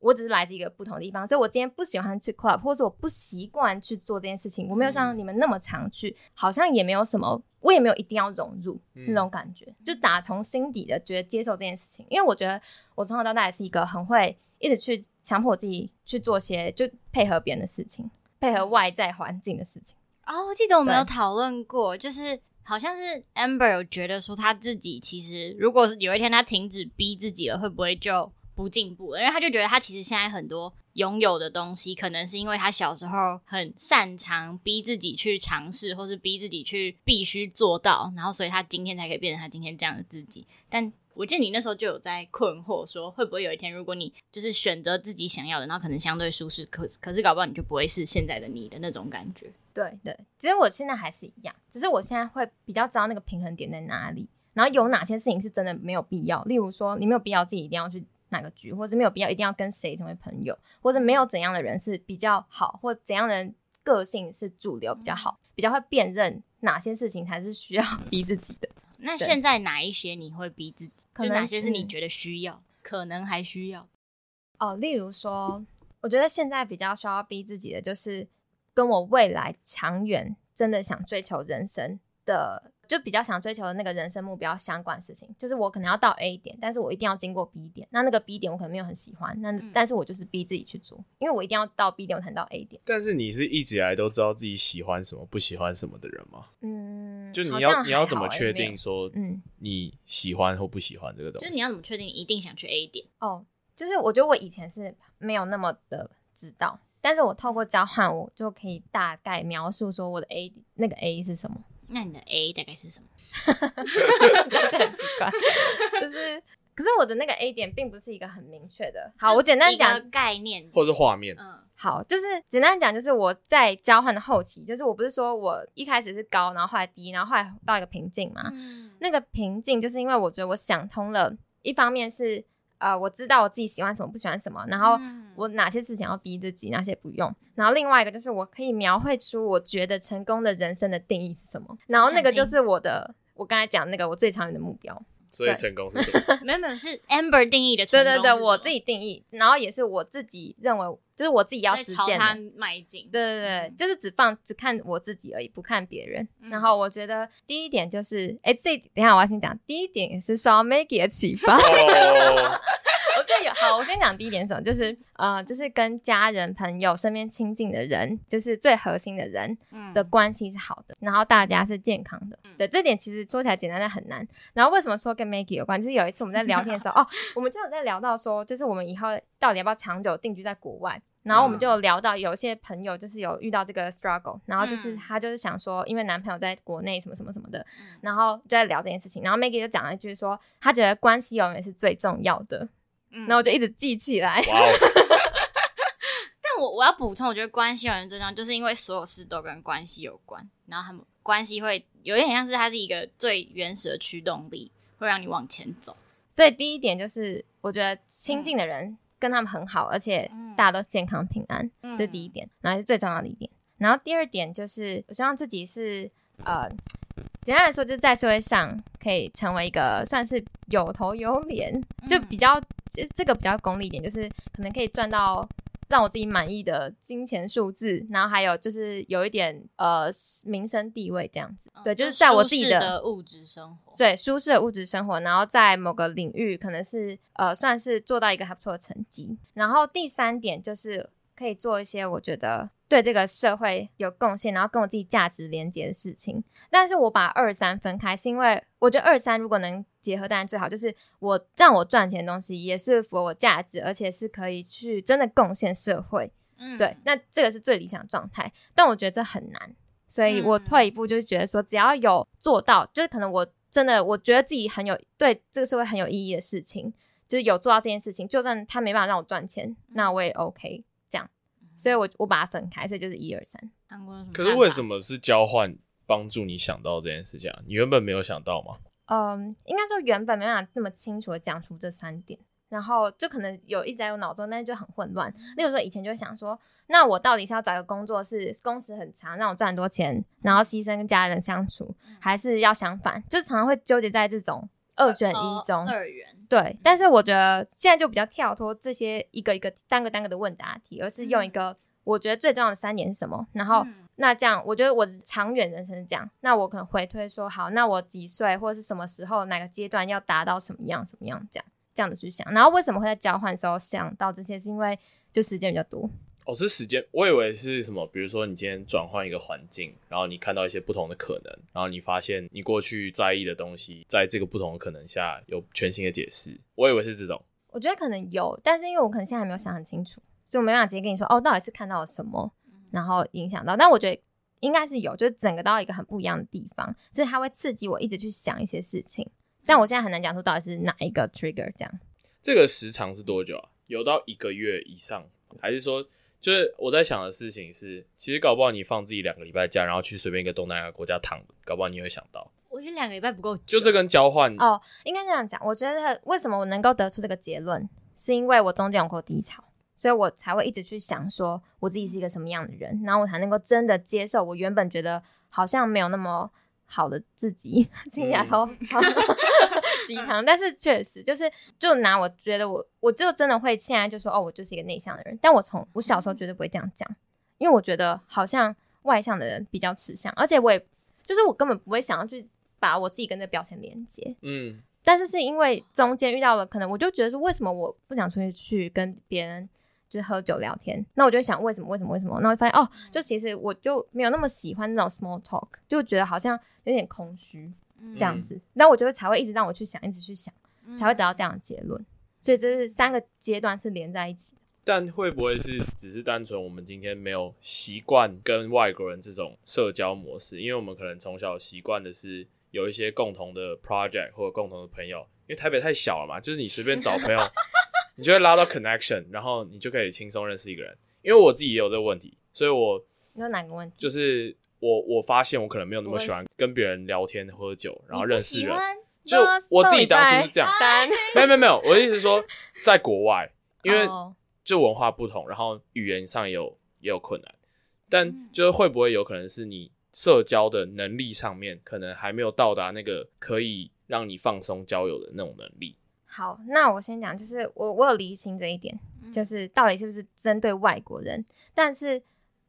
我只是來自一個不同的地方，所以我今天不喜歡去 club，或是我不習慣去做這件事情。我沒有像你們那麼常去，嗯，好像也沒有什麼，我也沒有一定要融入那種感覺，嗯、就打從心底的覺得接受這件事情。因為我覺得我從小到大也是一個很會一直去強迫自己去做些就配合別人的事情，配合外在環境的事情。哦，我記得我們有討論過，就是。好像是 Amber 有覺得說，他自己其實，如果是有一天他停止逼自己了，會不會就不進步了？因為他就覺得他其實現在很多擁有的東西，可能是因為他小時候很擅長逼自己去嘗試，或是逼自己去必須做到，然後所以他今天才可以變成他今天這樣的自己。但我記得你那時候就有在困惑，說會不會有一天，如果你就是選擇自己想要的，然後可能相對舒適，可是可是搞不好你就不會是現在的你的那種感覺。對對，其實我現在還是一樣，只是我現在會比較知道那個平衡點在哪裡，然後有哪些事情是真的沒有必要。例如說，你沒有必要自己一定要去哪個局，或是沒有必要一定要跟誰成為朋友，或者沒有怎樣的人是比較好，或怎樣的個性是主流比較好，比較會辨認哪些事情才是需要逼自己的。那現在哪一些你會逼自己？可能哪些是你覺得需要可能、嗯，可能還需要？哦，例如說，我覺得現在比較需要逼自己的，就是跟我未來長遠真的想追求人生的，就比較想追求的那個人生目標相關的事情，就是我可能要到 A 點，但是我一定要經過 B 點。那那個 B 點我可能沒有很喜歡，那、嗯、但是我就是逼自己去做，因為我一定要到 B 點，我才能到 A 點。但是你是一直以來都知道自己喜歡什麼、不喜歡什麼的人嗎？嗯，就你要你要怎麼確定說，嗯，你喜歡或不喜歡這個東西？嗯、就你要怎麼確定一定想去 A 點？哦，就是我覺得我以前是沒有那麼的知道，但是我透過交換，我就可以大概描述說我的 A 點，那個 A 是什麼。那你的 A 大概是什麼？ 這很奇怪， 就是可是我的那個 A 點並不是一個很明確的。好，我簡單講一個概念，或者是畫面。嗯，好，就是簡單講，就是我在交換的後期，就是我不是說我一開始是高，然後後來低，然後後來到一個瓶頸嘛。嗯，那個瓶頸就是因為我覺得我想通了，一方面是。啊、呃，我知道我自己喜歡什麼，不喜歡什麼。然後我哪些事情要逼自己，嗯，哪些不用。然後另外一個就是，我可以描繪出我覺得成功的人生的定義是什麼。然後那個就是我的，我剛才講那個我最長遠的目標。所以成功是什麼？ 沒有沒有，是 Amber 定義的成功。對對對，我自己定義，然後也是我自己認為。就是我自己要實踐，對對對、嗯，就是只放只看我自己而已，不看別人、嗯。然後我覺得第一點就是，哎、欸，這等下我要先講。第一點也是受 Maggie 的啟發。哦、 我這有好，我先講第一點什麼，就是呃，就是跟家人、朋友身邊親近的人，就是最核心的人的關係是好的、嗯，然後大家是健康的、嗯。對，這點其實說起來簡單，但很難。然後為什麼說跟 Maggie 有關？就是有一次我們在聊天的時候， 哦，我們就有在聊到說，就是我們以後到底要不要長久定居在國外？然後我們就聊到有些朋友就是有遇到這個 struggle、嗯、然後就是他就是想說，因為男朋友在國內什麼什麼什麼的、嗯，然後就在聊這件事情。然後 Maggie 就講了一句說，他覺得關係永遠是最重要的。那、嗯、我就一直記起來。哦、 但我我要補充，我覺得關係永遠最重要，就是因為所有事都跟關係有關。然後他們關係會有點像是它是一個最原始的驅動力，會讓你往前走。所以第一點就是，我覺得親近的人、嗯。跟他們很好，而且大家都健康平安，嗯，這是第一點，然後是最重要的一點。嗯，然後第二點就是，我希望自己是呃，簡單來說，就是在社會上可以成為一個算是有頭有臉，就比較，嗯，就這個比較功利一點，就是可能可以賺到。讓我自己滿意的金錢數字，然後還有就是有一點呃名聲地位，這樣子，對，哦、就是在我自己的，舒適的物質生活，對，舒適的物質生活，然後在某個領域可能是呃算是做到一個還不錯的成績，然後第三點就是可以做一些我覺得對這個社會有貢獻，然後跟我自己價值連接的事情。但是我把二三分開，是因為我覺得二三如果能結合當然最好，就是我讓我賺錢的東西也是符合我價值，而且是可以去真的貢獻社會，嗯，對，那這個是最理想狀態。但我覺得這很難，所以我退一步就是覺得說，只要有做到，嗯，就是可能我真的我覺得自己很有對這個社會很有意義的事情，就是有做到這件事情，就算他沒辦法讓我賺錢，那我也 OK 這樣。所以我我把它分開，所以就是一二三。可是為什麼是交換幫助你想到這件事情啊？你原本沒有想到嗎？嗯，應該說原本沒辦法那麼清楚地講出這三點，然後就可能有一直在我腦中，但是就很混亂。例如說以前就想說，那我到底是要找一個工作是工時很長，讓我賺很多錢，然後犧牲跟家人相處，還是要相反？就是常常會糾結在這種二選一中。哦、二元。對、嗯，但是我覺得現在就比較跳脫這些一個一個單個單個的問答題，而是用一個我覺得最重要的三點是什麼，嗯、然後。那這樣，我覺得我長遠人生是這樣。那我可能回推說好，那我幾歲或者是什麼時候，哪個階段要達到什麼樣什麼樣，這樣這樣子去想。然後為什麼會在交換的時候想到這些？是因為就時間比較多。哦，是時間，我以為是什麼？比如說你今天轉換一個環境，然後你看到一些不同的可能，然後你發現你過去在意的東西，在這個不同的可能下有全新的解釋。我以為是這種。我覺得可能有，但是因為我可能現在還沒有想很清楚，所以我沒辦法直接跟你說哦，到底是看到了什麼。然後影響到，但我覺得應該是有，就是整個到一個很不一樣的地方，所以它會刺激我一直去想一些事情。但我現在很難講出到底是哪一個 trigger 這樣。這個時長是多久啊？有到一個月以上，還是說，就是我在想的事情是，其實搞不好你放自己兩個禮拜假，然後去隨便一個東南亞國家躺，搞不好你會想到。我覺得兩個禮拜不夠，就這跟交換。哦，應該這樣講。我覺得為什麼我能夠得出這個結論，是因為我中間有過低潮。所以我才會一直去想說我自己是一個什麼樣的人，然後我才能夠真的接受我原本覺得好像沒有那麼好的自己。雞湯，雞湯， 但是確實就是就拿我覺得我我就真的會現在就說哦，我就是一個內向的人，但我從我小時候絕對不會這樣講，因為我覺得好像外向的人比較吃香，而且我也就是我根本不會想要去把我自己跟這標籤連接。嗯，但是是因為中間遇到了可能我就覺得說為什麼我不想出去去跟別人。就喝酒聊天，那我就會想為什麼為什麼為什麼，那會發現哦，就其實我就沒有那麼喜歡那種 small talk，就覺得好像有點空虛、嗯、這樣子。那我就會才會一直讓我去想，一直去想，才會得到這樣的結論。所以這是三個階段是連在一起。但會不會是只是單純我們今天沒有習慣跟外國人這種社交模式？因為我們可能從小習慣的是有一些共同的 project 或者共同的朋友，因為台北太小了嘛，就是你隨便找朋友。 你就會拉到 connection，然後你就可以輕鬆認識一個人。因為我自己也有這個問題，所以我有哪個問題？就是我我發現我可能沒有那麼喜歡跟別人聊天、喝酒，然後認識人。就我自己當時是這樣，沒有沒有沒有。我的意思是說，在國外，因為就文化不同，然後語言上也有也有困難。但就是會不會有可能是你社交的能力上面，可能還沒有到達那個可以讓你放鬆交友的那種能力？好，那我先講，就是我我有釐清這一點，就是到底是不是針對外國人，嗯、但是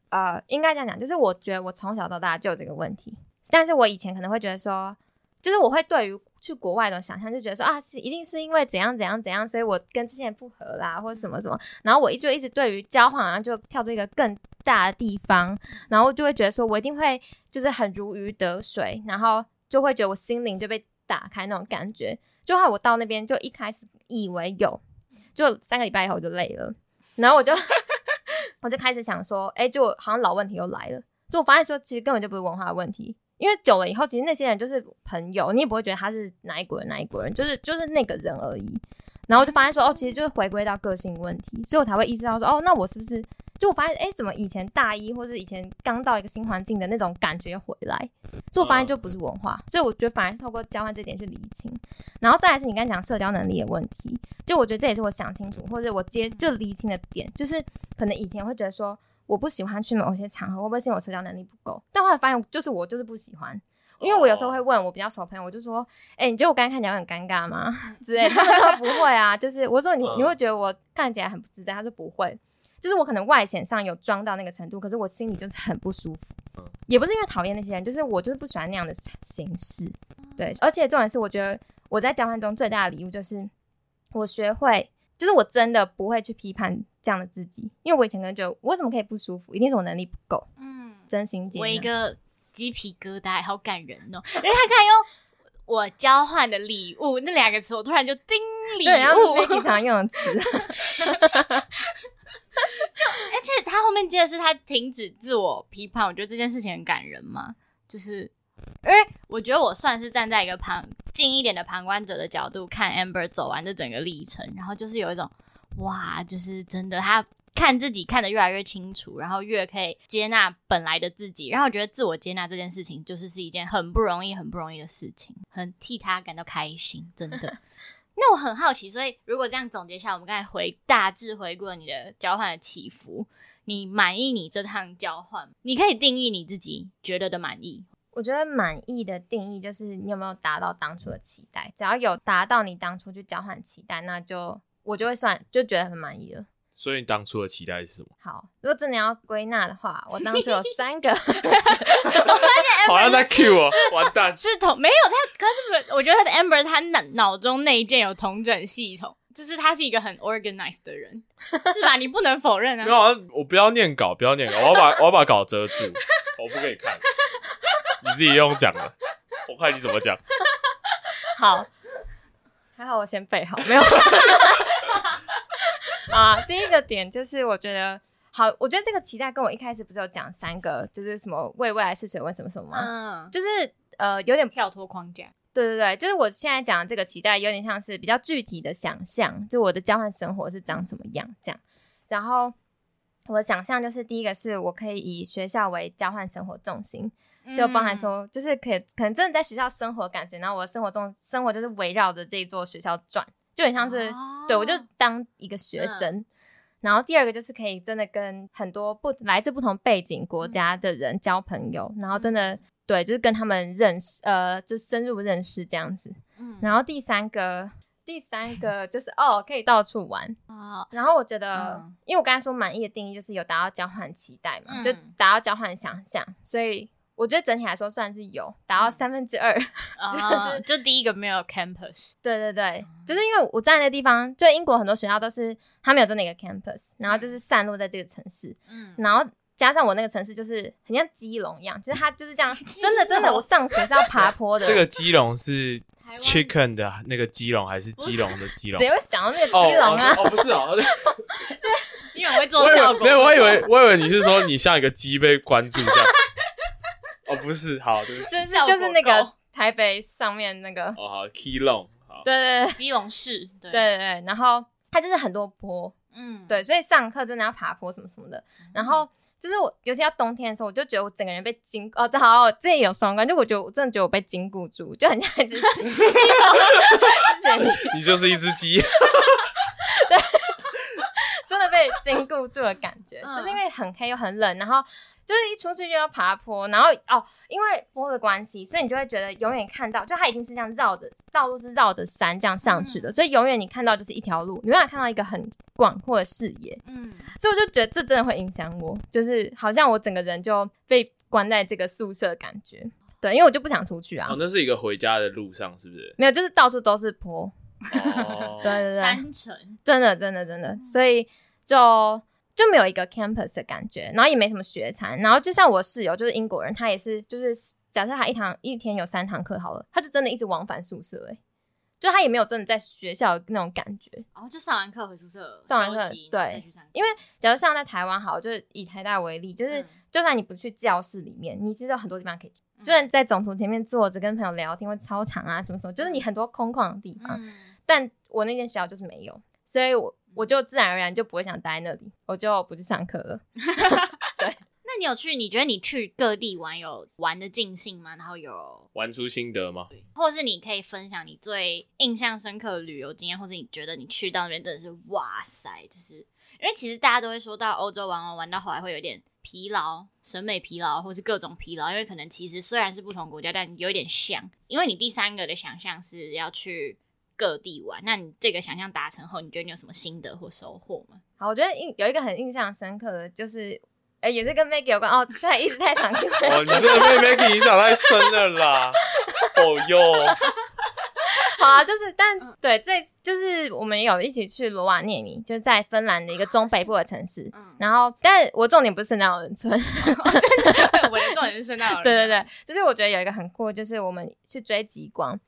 呃，應該這樣講，就是我覺得我從小到大就有這個問題，但是我以前可能會覺得說，就是我會對於去國外的想象，就覺得說啊，是一定是因為怎樣怎樣怎樣，所以我跟之前不合啦，或者什麼什麼，嗯、然後我一就一直對於交換啊，就跳出一個更大的地方，然後就會覺得說我一定會就是很如魚得水，然後就會覺得我心靈就被打開那種感覺。就好，我到那邊就一開始以為有，就三個禮拜以後我就累了，然後我就 我就開始想說，哎、欸，就好像老問題又來了，就我發現說其實根本就不是文化問題，因為久了以後，其實那些人就是朋友，你也不會覺得他是哪一國人，哪一國人，就是就是那個人而已，然後我就發現說哦，其實就是回歸到個性問題，所以我才會意識到說哦，那我是不是？就我發現，哎、欸，怎麼以前大一或是以前剛到一個新環境的那種感覺回來？就、嗯、我發現就不是文化，所以我覺得反而是透過交換這點去理清，然後再來是你剛才講社交能力的問題。就我覺得這也是我想清楚或者我接就理清的點，就是可能以前會覺得說我不喜歡去某些場合，會不會是因為我社交能力不夠？但後來我發現就是我就是不喜歡，因為我有時候會問我比較熟朋友，我就說，哎、欸，你覺得我剛才看起來很尷尬嗎？之類，他說不會啊，就是我說你、嗯、你會覺得我看起來很不自在，他說不會。就是我可能外顯上有裝到那個程度，可是我心裡就是很不舒服。也不是因為討厭那些人，就是我就是不喜歡那樣的形式。對，嗯、而且重點是，我覺得我在交換中最大的禮物就是我學會，就是我真的不會去批判這樣的自己，因為我以前可能覺得我怎麼可以不舒服？一定是我能力不夠。嗯，真心姐，我一個雞皮疙瘩，好感人哦！因 為看用我交換的禮物那兩個詞，我突然就叮禮物，然後我經常用的詞。就而且、欸、他後面接的是他停止自我批判，我覺得這件事情很感人嘛。就是，誒，我覺得我算是站在一個旁近一點的旁觀者的角度看 Amber 走完這整個歷程，然後就是有一種哇，就是真的他看自己看得越來越清楚，然後越可以接納本來的自己，然後我覺得自我接納這件事情就是是一件很不容易、很不容易的事情，很替他感到開心，真的。 那我很好奇，所以如果這樣總結一下，我們剛才回大致回顧了你的交換的起伏，你滿意你這趟交換？你可以定義你自己覺得的滿意。我覺得滿意的定義就是你有沒有達到當初的期待，只要有達到你當初去交換期待，那就我就會算就覺得很滿意了。所以你當初的期待是什麼？好，如果真的要歸納的話，我當初有三個。 我發現好像在 Q 哦，完蛋，是同沒有他，可是我覺得、Ember、他的 amber，他腦腦中那一件有同整系統，就是他是一個很 organized 的人，是吧？你不能否認啊。沒有，我，我不要念稿，不要念稿，我要把我要把稿遮住， 我不給你看了，你自己用講了，我看你怎麼講。好，還好我先背好，沒有。 啊，第一個點就是我覺得好，我覺得這個期待跟我一開始不是有講三個，就是什麼為未、未來是誰，為什麼什麼嗎？嗯，就是呃，有點跳脫框架。對對對，就是我現在講的這個期待，有點像是比較具體的想象，就我的交換生活是長什麼樣這樣。然後我的想象就是第一個是我可以以學校為交換生活重心，就包含說，就是可可能真的在學校生活感覺，然後我的生活中生活就是圍繞着這一座學校轉。就很像是，哦，對，我就當一個學生，嗯，然後第二個就是可以真的跟很多不來自不同背景國家的人交朋友，嗯，然後真的，嗯，對，就是跟他們認識，呃，就深入認識這樣子。嗯，然後第三個，第三個就是 哦，可以到處玩，哦，然後我覺得，嗯，因為我剛才說滿意的定義就是有達到交換期待嘛，嗯，就達到交換想象，所以。我覺得整體來說，算是有達到三分之二啊、哦，就第一個沒有 campus。對對對，嗯、就是因為我在那個地方，就英國很多學校都是它沒有在那個 campus，然後就是散落在這個城市。嗯，然後加上我那個城市就是很像基隆一樣，就是它就是這樣，真的真的，我上學是要爬坡的。 這個基隆是 chicken 的那個雞籠，還是基隆的基隆？誰 會想到那個雞籠啊？哦， 哦不是哦， 對，你以為會做效果嗎？沒有，我以為我以為你是說你像一個雞被關住這樣。 哦，不是，好，就是就是那個台北上面那個， 哦，好，基隆，好，對對對，基隆市對，對對對，然後它就是很多坡，嗯，對，所以上課真的要爬坡什麼什麼的，嗯、然後就是我尤其到冬天的時候，我就覺得我整個人被禁哦，好，我自己有雙關，就我覺得我真的覺得我被禁錮住，就很像一只雞， 謝謝你，你就是一只雞， 對。被禁錮住的感覺， 就是因為很黑又很冷，然後就是一出去就要爬坡，然後哦，因為坡的關係，所以你就會覺得永遠看到，就它已經是這樣繞着道路是繞着山這樣上去的，嗯、所以永遠你看到就是一條路，你永遠看到一個很廣闊的視野，嗯，所以我就覺得這真的會影響我，就是好像我整個人就被關在這個宿舍的感覺，對，因為我就不想出去啊。哦，那是一個回家的路上，是不是？沒有，就是到處都是坡，哦、 對，對對對，山城，真的真的真的，所以。就就沒有一個 campus 的感覺，然後也沒什麼學餐，然後就像我室友就是英國人，他也是就是假設他一堂一天有三堂課好了，他就真的一直往返宿舍、欸，就他也沒有真的在學校那種感覺，然、哦、後就上完課回宿舍，上完課對，因為假如像在台灣好，就是以台大為例，就是、嗯、就算你不去教室裡面，你其實有很多地方可以去、嗯，就算在總圖前面坐着跟朋友聊天，會超長啊什麼什麼，就是你很多空曠的地方，嗯、但我那間學校就是沒有，所以我。我就自然而然就不會想待在那裡，我就不去上課了。 對，那你有去？你覺得你去各地玩有玩得盡興嗎？然後有玩出心得嗎？對，或是你可以分享你最印象深刻的旅遊經驗，或是你覺得你去到那邊真的是哇塞，就是因為其實大家都會說到歐洲玩玩玩到後來會有點疲勞、審美疲勞，或是各種疲勞，因為可能其實雖然是不同國家，但有點像，因為你第三個的想象是要去。各地玩，那你這個想象達成後，你覺得你有什麼心得或收穫嗎？好，我覺得印有一個很印象深刻的，就是，哎、欸，也是跟 Maggie 有關哦。他一直太常聽。哦， 哦你真的被 Maggie 影響太深了啦！哦 喲、oh, 好啊，就是，但對，這就是我們有一起去羅瓦涅米，就是在芬蘭的一個中北部的城市。 嗯、然後，但我重點不是聖誕老人村，我的，重點是聖誕老人。對對對，就是我覺得有一個很酷，就是我們去追極光。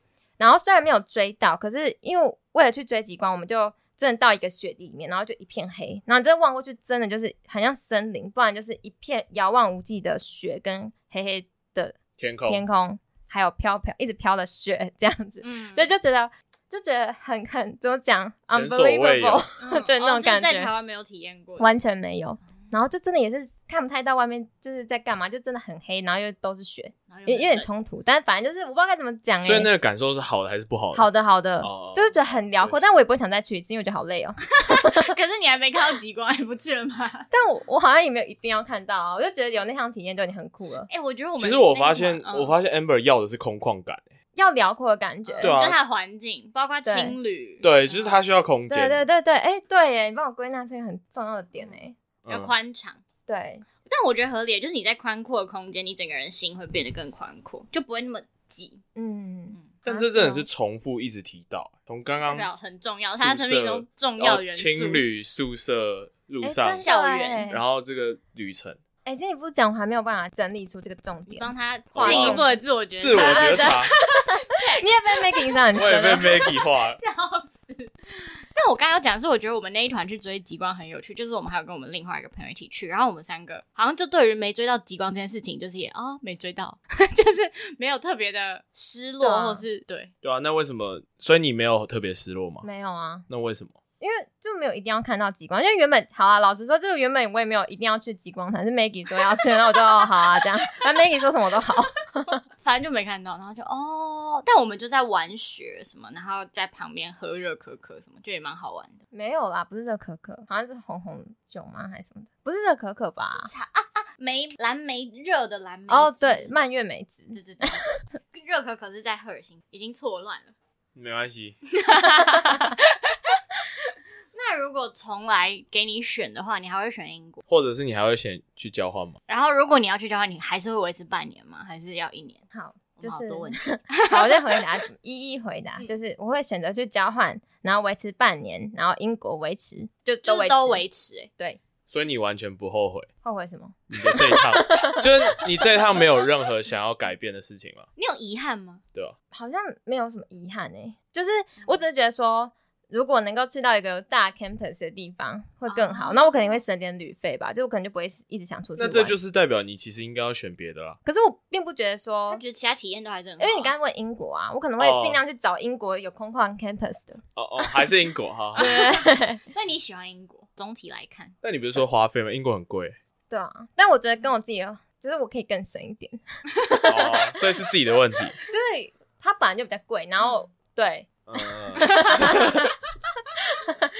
然後雖然沒有追到，可是因為為了去追極光，我們就真的到一個雪地裡面，然後就一片黑，然後真的望過去，真的就是很像森林，不然就是一片遙望無際的雪跟黑黑的天空，天空還有飄飄一直飄的雪這樣子，嗯，所以就覺得就覺得很很怎麼講，Unbelievable， 就那種感覺。嗯，哦，就在台灣沒有體驗過，完全沒有。然後就真的也是看不太到外面就是在幹嘛，就真的很黑，然後又都是雪，有有，也有點衝突。但是反正就是我不知道該怎麼講、欸。所以那個感受是好的還是不好的？好的，好的、嗯，就是覺得很遼闊。但我也不會想再去一次，因為我覺得好累哦、喔。 可是你還沒看到極光， 不去了嗎？但我我好像也沒有一定要看到、啊，我就覺得有那項體驗就已經很酷了。哎、欸，我覺得我們其實我發現，嗯、我發現 Amber 要的是空曠感、欸，要遼闊的感覺，哦對啊、就是它的環境，包括青旅對，對，就是它需要空間。對對對對，哎、欸，對耶、欸，你幫我歸納是一個很重要的點哎、欸。要寬敞、嗯，對。但我覺得合理，就是你在寬闊的空間，你整個人心會變得更寬闊，嗯、就不會那麼擠。嗯。但這真的是重複，一直提到，從剛剛很重要，他生命中重要元素。青旅宿舍校園，哦欸，然後這個旅程。哎、欸，這你不講，我還沒有辦法整理出這個重點，幫他進一步的自我覺察。哈哈哈哈，你也被 Maggie 影響很深了。 我也被 Maggie 化了，笑死。那我剛剛講的是，我覺得我們那一團去追極光很有趣，就是我們還有跟我們另外一個朋友一起去，然後我們三個好像就對於沒追到極光這件事情，就是也啊、哦、沒追到呵呵，就是沒有特別的失落或、啊、是對對啊。那為什麼？所以你沒有特別失落嗎？沒有啊。那為什麼？因為就沒有一定要看到極光，因為原本好啊，老實說，就原本我也沒有一定要去極光台，但是 Maggie 說要去，然後我就哦好啊這樣，但 Maggie 說什麼都好， 反正就沒看到，然後就哦，但我們就在玩雪什麼，然後在旁邊喝熱可可什麼，就也蠻好玩的。沒有啦，不是熱可可，好像是紅紅酒嗎還是什麼的？不是熱可可吧？啊啊，梅藍莓熱的藍莓哦，對，蔓越莓汁，對對對，熱 可可是在赫爾辛，已經錯亂了，沒關係。 如果重來給你選的話，你還會選英國，或者是你還會選去交換嗎？然後如果你要去交換，你還是會維持半年嗎？還是要一年？好，就是，我好，多問好，我再回答， 一一回答，就是我會選擇去交換，然後維持，持半年，然後英國維持就都都維持，哎、就是欸，對，所以你完全不後悔，後悔什麼？你的這一趟， 就是你這一趟沒有任何想要改變的事情嗎？你有遺憾嗎？對啊，好像沒有什麼遺憾哎、欸，就是我只是覺得說。如果能夠去到一個大 campus 的地方會更好，oh. 那我肯定會省點旅費吧，就我可能就不會一直想出去。那這就是代表你其實應該要選別的啦。可是我並不覺得說，覺得其他體驗都還是很好。因為你剛剛問英國啊，我可能會盡量去找英國有空曠 campus 的。哦哦，還是英國哈。 對，那 你喜歡英國總體來看？ 那你不是說花費嗎？英國很貴。對啊，但我覺得跟我自己，就是我可以更省一點。 oh, 所以是自己的問題。 就是它本來就比較貴，然後、嗯、對。哈哈哈哈哈！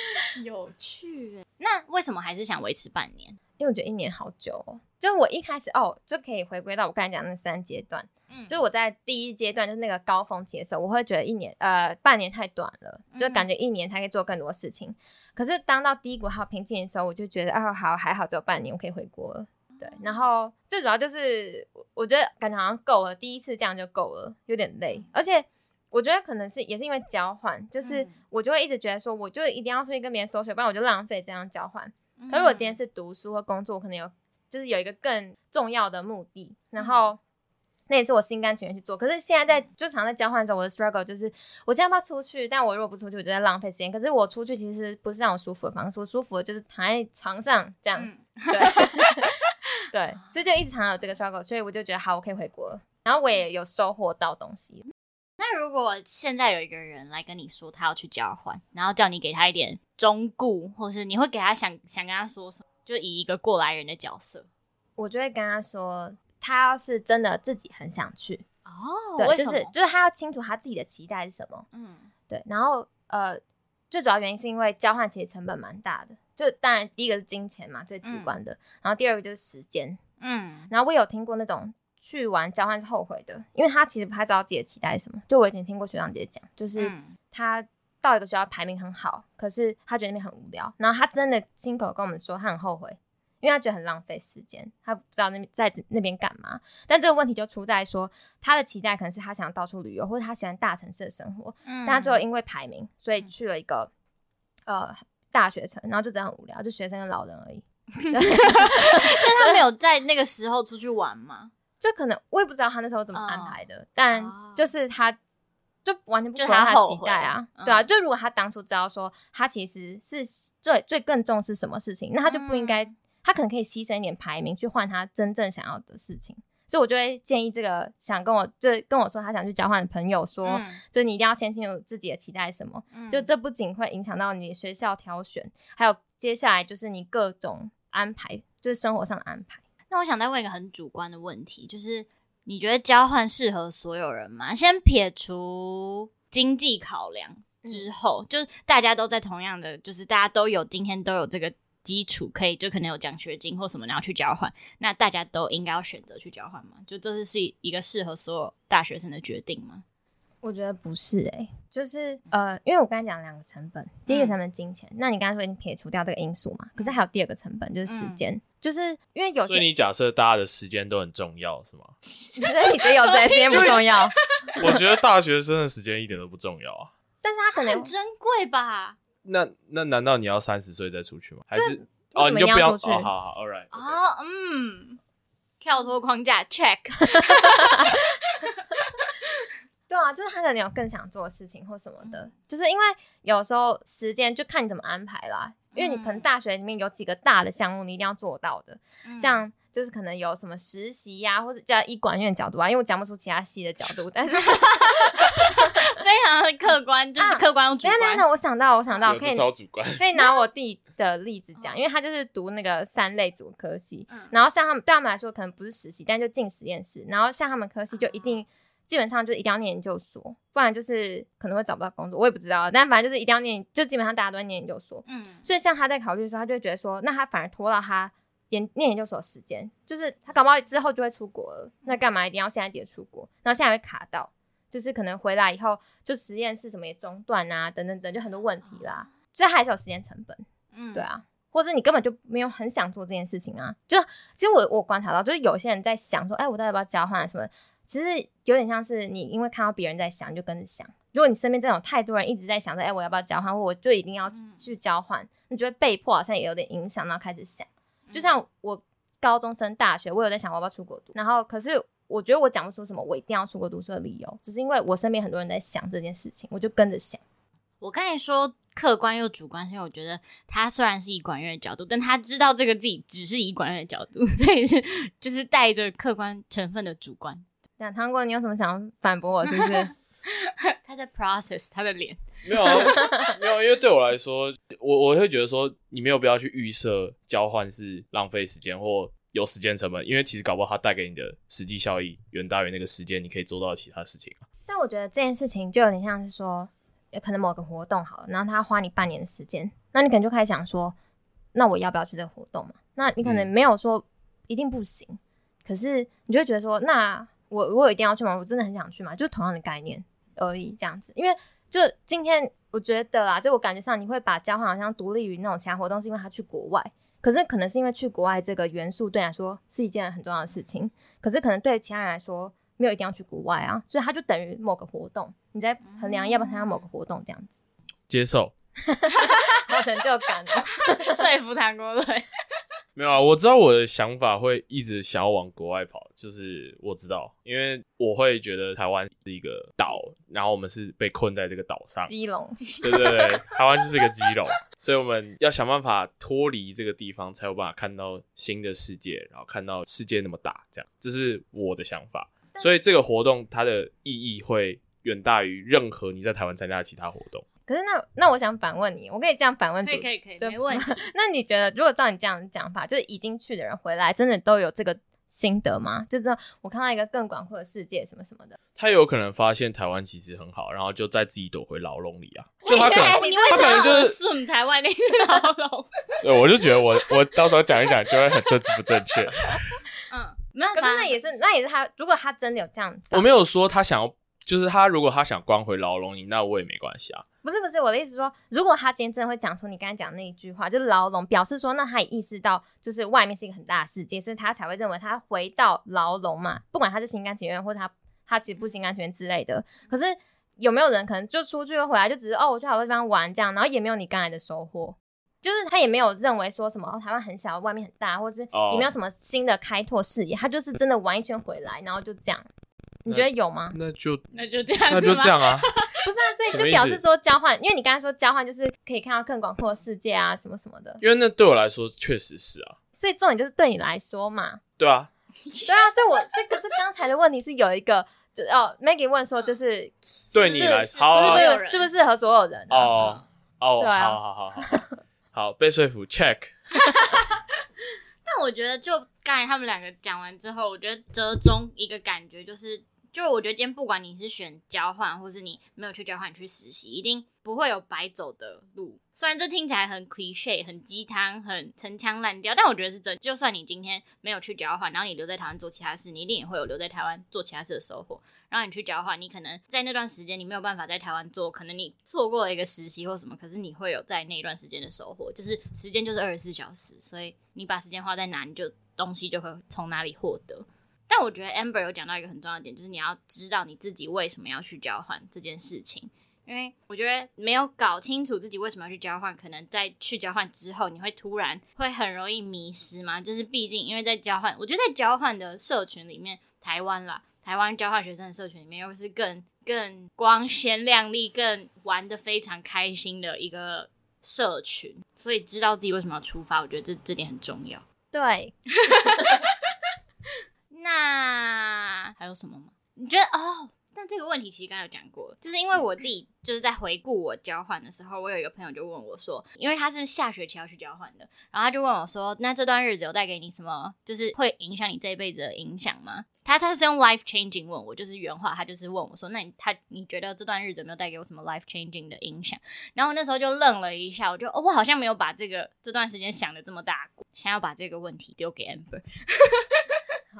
有趣、欸、那為什麼還是想維持半年？因為我覺得一年好久哦。就我一開始哦，就可以回歸到我剛才講那三階段。嗯，就是我在第一階段，就是那個高峰期的時候，我會覺得一年呃半年太短了，就感覺一年它可以做更多事情。嗯、可是當到低谷股好平靜的時候，我就覺得哦好還好，只有半年我可以回國了。嗯、對，然後最主要就是我我覺得感覺好像夠了，第一次這樣就夠了，有點累，嗯、而且。我覺得可能是也是因為交換，就是我就會一直覺得說，我就一定要出去跟別人索取，不然我就浪費這樣交換。可是我今天是讀書或工作，可能有就是有一個更重要的目的，然後、嗯、那也是我心甘情願去做。可是現在在就常在交換的時候，我的 struggle 就是，我現在怕出去，但我如果不出去，我就在浪費時間。可是我出去其實不是讓我舒服的方式，我舒服的就是躺在床上這樣。嗯、對， 對，所以就一直常有這個 struggle，所以我就覺得好，我可以回國了，然後我也有收穫到東西。如果現在有一個人來跟你說他要去交換，然後叫你給他一點忠告，或是你會給他想想跟他說什麼？就以一個過來人的角色，我就會跟他說，他要是真的自己很想去哦，對，就是就是他要清楚他自己的期待是什麼，嗯，對。然後呃，最主要原因是因為交換其實成本蠻大的，就當然第一個是金錢嘛，最直觀的。嗯，然後第二個就是時間，嗯。然後我有聽過那種。去玩交換是後悔的，因為他其實不太知道自己的期待是什麼。就我以前聽過學長姐講，就是他到一個學校排名很好，可是他覺得那邊很無聊。然後他真的親口的跟我們說，他很後悔，因為他覺得很浪費時間，他不知道那邊在那邊幹嘛。但這個問題就出在說，他的期待可能是他想要到處旅遊，或者他喜歡大城市的生活。嗯，但他最後因為排名，所以去了一個呃大學城，然後就真的很無聊，就學生跟老人而已。 但他沒有在那個時候出去玩嗎？就可能我也不知道他那時候怎麼安排的，oh, 但就是他，就完全不符合他期待啊，就是，對啊。就如果他當初知道說他其實是最最更重視什麼事情，那他就不應該、嗯，他可能可以犧牲一點排名去換他真正想要的事情。所以，我就會建議這個想跟我就跟我說他想去交換的朋友說、嗯，就你一定要先清楚自己的期待什麼。就這不僅會影響到你學校挑選，還有接下來就是你各種安排，就是生活上的安排。那我想再問一個很主觀的問題，就是你覺得交換適合所有人嗎？先撇除經濟考量之後，嗯，就大家都在同樣的，就是大家都有今天都有這個基礎，可以就可能有獎學金或什麼，然後去交換，那大家都應該要選擇去交換嗎？就這是是一個適合所有大學生的決定嗎？我覺得不是哎、欸，就是呃，因為我剛才講兩個成本，第一個成本金錢，嗯、那你剛才說你撇除掉這個因素嘛，可是還有第二個成本就是時間、嗯，就是因為有所以，你假設大家的時間都很重要是嗎？所以你覺得你有些時間不重要 我覺得大學生的時間一點都不重要啊， 但是他可能珍貴吧？那那難道你要三十歲再出去嗎？還是哦你就不要，就不要哦？好好，all right，好、okay. oh，嗯，跳脫框架，check。 對啊，就是他可能有更想做的事情或什麼的，嗯、就是因為有時候時間就看你怎麼安排啦、嗯。因為你可能大學裡面有幾個大的項目，你一定要做到的、嗯。像就是可能有什麼實習呀、啊，或者叫以管院角度啊，因為我講不出其他系的角度，但是 非常的客觀、啊，就是客觀,主觀、啊。等等，我想到，我想到可以拿可以拿我弟的例子講、嗯，因為他就是讀那個三類組科系，嗯、然後像他們對他們來說可能不是實習，但就進實驗室。然後像他們科系就一定。嗯基本上就是一定要念研究所，不然就是可能會找不到工作。我也不知道，但反正就是一定要念，就基本上大家都在念研究所。嗯，所以像他在考慮的時候，他就會覺得說，那他反而拖到他研念研究所的時間，就是他搞不好之後就會出國了，那干嘛一定要現在點出國？那現在會卡到，就是可能回來以後就實驗室什麼也中斷啊，等等等等，就很多問題啦。所以他還是有時間成本。嗯，對啊，或者你根本就沒有很想做這件事情啊。就其實我我觀察到，就是有些人在想說，哎、欸，我到底要不要交換、啊、什麼？其實有點像是你。因為看到別人在想，你就跟着想。如果你身邊真的有太多人一直在想着，哎、欸，我要不要交換，或我就一定要去交換，嗯，你就會被迫好像也有點影響，到開始想，嗯。就像我高中升大學，我有在想我要不要出國讀，然後可是我覺得我講不出什麼我一定要出國讀書的理由，只是因為我身邊很多人在想這件事情，我就跟着想。我剛才說客觀又主觀，是因為我覺得他雖然是以管院的角度，但他知道這個自己只是以管院的角度，所以是就是帶着客觀成分的主觀。講唐果，你有什麼想要反駁我？是不是？ 他在 process 他的臉、 啊，沒有，沒有，因為對我來說，我我會覺得說，你沒有必要去預設交換是浪費時間或有時間成本，因為其實搞不好他帶給你的實際效益遠大於那個時間你可以做到其他事情。但我覺得這件事情就有點像是說，也可能某個活動好了，然後他花你半年的時間，那你可能就開始想說，那我要不要去這個活動嘛？那你可能沒有說一定不行，嗯、可是你就會覺得說，那。我如果一定要去嘛，我真的很想去嘛，就是同樣的概念而已，這樣子。因為就今天，我覺得啊，就我感覺上，你會把交換好像獨立於那種其他活動，是因為他去國外。可是可能是因為去國外這個元素對你來說是一件很重要的事情，可是可能對其他人來說沒有一定要去國外啊。所以他就等於某個活動，你在衡量要不要參加某個活動這樣子。接受，有 成就感， 說服他工作。沒有啊，我知道我的想法會一直想要往國外跑，就是我知道，因為我會覺得台灣是一個島，然後我們是被困在這個島上。雞籠， 對對對，台灣就是個雞籠，所以我們要想辦法脫離這個地方，才有辦法看到新的世界，然後看到世界那麼大，這樣，這是我的想法。所以這個活動它的意義會遠大於任何你在台灣參加的其他活動。可是那那我想反問你，我可以這樣反問你。可以可以，可以沒問題。那你覺得，如果照你這樣講法，就是已經去的人回來，真的都有這個心得嗎？就知道我看到一個更廣闊的世界什麼什麼的。他有可能發現台灣其實很好，然後就在自己躲回牢籠裡啊。就他可能，嘿嘿他可能就是你我能、就是、台灣那間牢籠。 對，我就覺得我，我我到時候講一講，就會很政治不正確？ 嗯，沒有，可是那也是那也是他。如果他真的有這樣，我沒有說他想要。就是他，如果他想關回牢籠裡，那我也沒關係啊。不是不是，我的意思說，如果他今天真的會講出你剛才講那一句話，就是牢籠，表示說，那他也意識到，就是外面是一個很大的世界，所以他才會認為他回到牢籠嘛。不管他是心甘情願，或者他他其實不心甘情願之類的。可是有沒有人可能就出去了，回來，就只是哦我去好多地方玩這樣，然後也沒有你剛才的收穫，就是他也沒有認為說什麼、哦、台灣很小，外面很大，或者是也沒有什麼新的開拓視野，oh. 他就是真的玩一圈回來，然後就這樣。你覺得有嗎？那，那就那就這樣，那就這樣啊！ 不是啊，所以就表示說交換，因為你剛才說交換就是可以看到更廣闊的世界啊，什麼什麼的。因為那對我來說確實是啊。所以重點就是對你來說嘛。對啊， 對啊，所以我這個是剛才的問題是有一個，就哦，Maggie 問說就是、嗯、是，是對你來說，是不是適、啊啊合、啊、合所有人？哦、啊、哦，對、啊，好好好好 好，被說服，check。 但我覺得就剛才他們兩個講完之後，我覺得折中一個感覺就是。就我覺得今天不管你是選交換，或是你沒有去交換，你去實習，一定不會有白走的路。雖然這聽起來很 cliché 很、很雞湯、很陳腔濫調，但我覺得是真的。就算你今天沒有去交換，然後你留在台灣做其他事，你一定也會有留在台灣做其他事的收穫。然後你去交換，你可能在那段時間你沒有辦法在台灣做，可能你錯過了一個實習或什麼，可是你會有在那一段時間的收穫。就是時間就是二十四小時，所以你把時間花在哪裡，你就東西就會從哪裡獲得。但我覺得 Amber 有講到一個很重要的點，就是你要知道你自己為什麼要去交換這件事情。因為我覺得沒有搞清楚自己為什麼要去交換，可能在去交換之後，你會突然會很容易迷失嘛。就是畢竟因為在交換，我覺得在交換的社群裡面，台灣啦，台灣交換學生的社群裡面，又是更更光鮮亮麗、更玩得非常開心的一個社群。所以知道自己為什麼要出發，我覺得這這點很重要。對。 那還有什麼嗎？你覺得哦？但這個問題其實剛才有講過，就是因為我自己就是在回顧我交換的時候，我有一個朋友就問我說，因為他是下學期要去交換的，然後他就問我說，那這段日子有帶給你什麼？就是會影響你這一輩子的影響嗎？他他是用 life changing 問我，就是原話，他就是問我說，那你他你覺得這段日子有沒有帶給我什麼 life changing 的影響？然後我那時候就愣了一下，我就哦，我好像沒有把這個這段時間想的這麼大過。想要把這個問題丟給 Amber。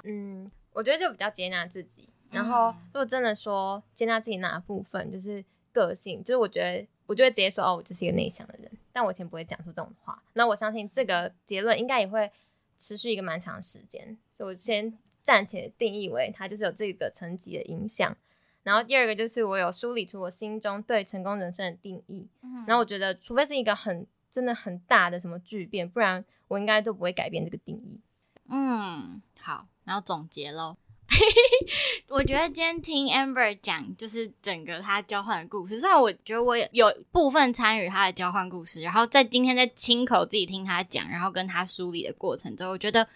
嗯，我覺得就比較接納自己。然後如果真的說接納自己哪部分，就是個性，就是我覺得我就會直接說哦，我就是一個內向的人。但我以前不會講出這種話。那我相信這個結論應該也會持續一個蠻長時間。所以我先暫且定義為它就是有這個層級的影響。然後第二個就是我有梳理出我心中對成功人生的定義。嗯，然後我覺得除非是一個很真的很大的什麼巨變，不然我應該都不會改變這個定義。嗯，好。然後總結咯， 我覺得今天聽 Amber 講，就是整個他交換的故事。雖然我覺得我有部分參與他的交換故事，然後在今天在親口自己聽他講，然後跟他梳理的過程中，我覺得。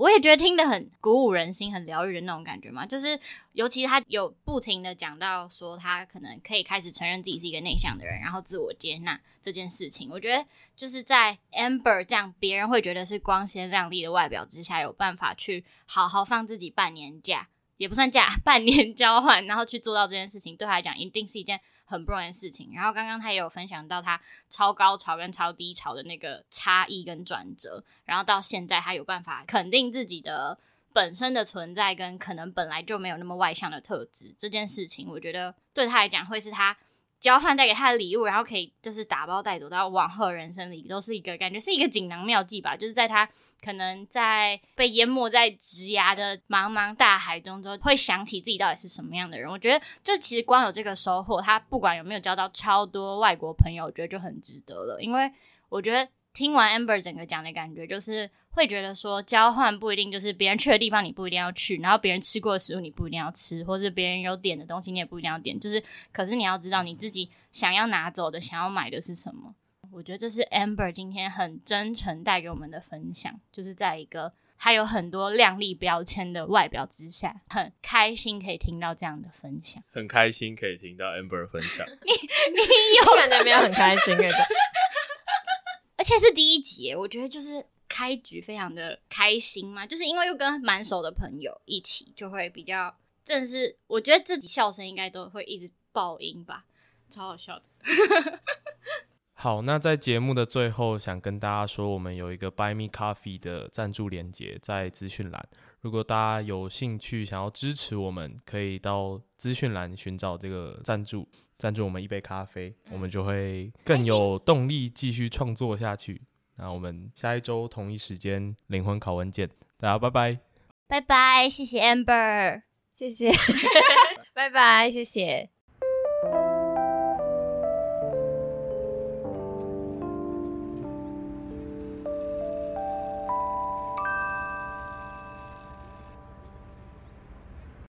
我也覺得聽得很鼓舞人心、很療癒的那種感覺嘛，就是尤其他有不停的講到說他可能可以開始承認自己是一個內向的人，然後自我接納這件事情。我覺得就是在 Amber 這樣，別人會覺得是光鮮亮麗的外表之下，有辦法去好好放自己半年假。也不算假，半年交換，然後去做到這件事情，對他來講一定是一件很不容易的事情。然後剛剛他也有分享到他超高潮跟超低潮的那個差異跟轉折，然後到現在他有辦法肯定自己的本身的存在，跟可能本來就沒有那麼外向的特質這件事情，我覺得對他來講會是他。交換帶給他的禮物，然後可以就是打包帶走，到往後人生裡都是一個感覺，是一個錦囊妙計吧。就是在他可能在被淹沒在職涯的茫茫大海中之後，會想起自己到底是什麼樣的人。我覺得，就其實光有這個收穫，他不管有沒有交到超多外國朋友，我覺得就很值得了。因為我覺得聽完 Amber 整個講的感覺，就是。會覺得說，交換不一定就是別人去的地方你不一定要去，然後別人吃過的食物你不一定要吃，或是別人有點的東西你也不一定要點。就是可是你要知道你自己想要拿走的、想要買的是什麼。我覺得這是 Amber 今天很真誠帶給我們的分享，就是在一個他有很多亮麗標籤的外表之下，很開心可以聽到這樣的分享，很開心可以聽到 Amber 分享。 你你有感覺沒有？很開心， 欸、對 而且是第一集，我覺得就是。開局非常的開心嘛，就是因為又跟蠻熟的朋友一起，就會比較，真的是我覺得自己笑聲應該都會一直爆音吧，超好笑的。 好，那在節目的最後，想跟大家說，我們有一個 Buy Me Coffee 的贊助連結在資訊欄，如果大家有興趣想要支持我們，可以到資訊欄尋找這個贊助，贊助我們一杯咖啡，我們就會更有動力繼續創作下去。那我們下一周同一時間靈魂拷問見，大家拜拜，拜拜，謝謝 Amber，謝謝， 拜拜，謝謝。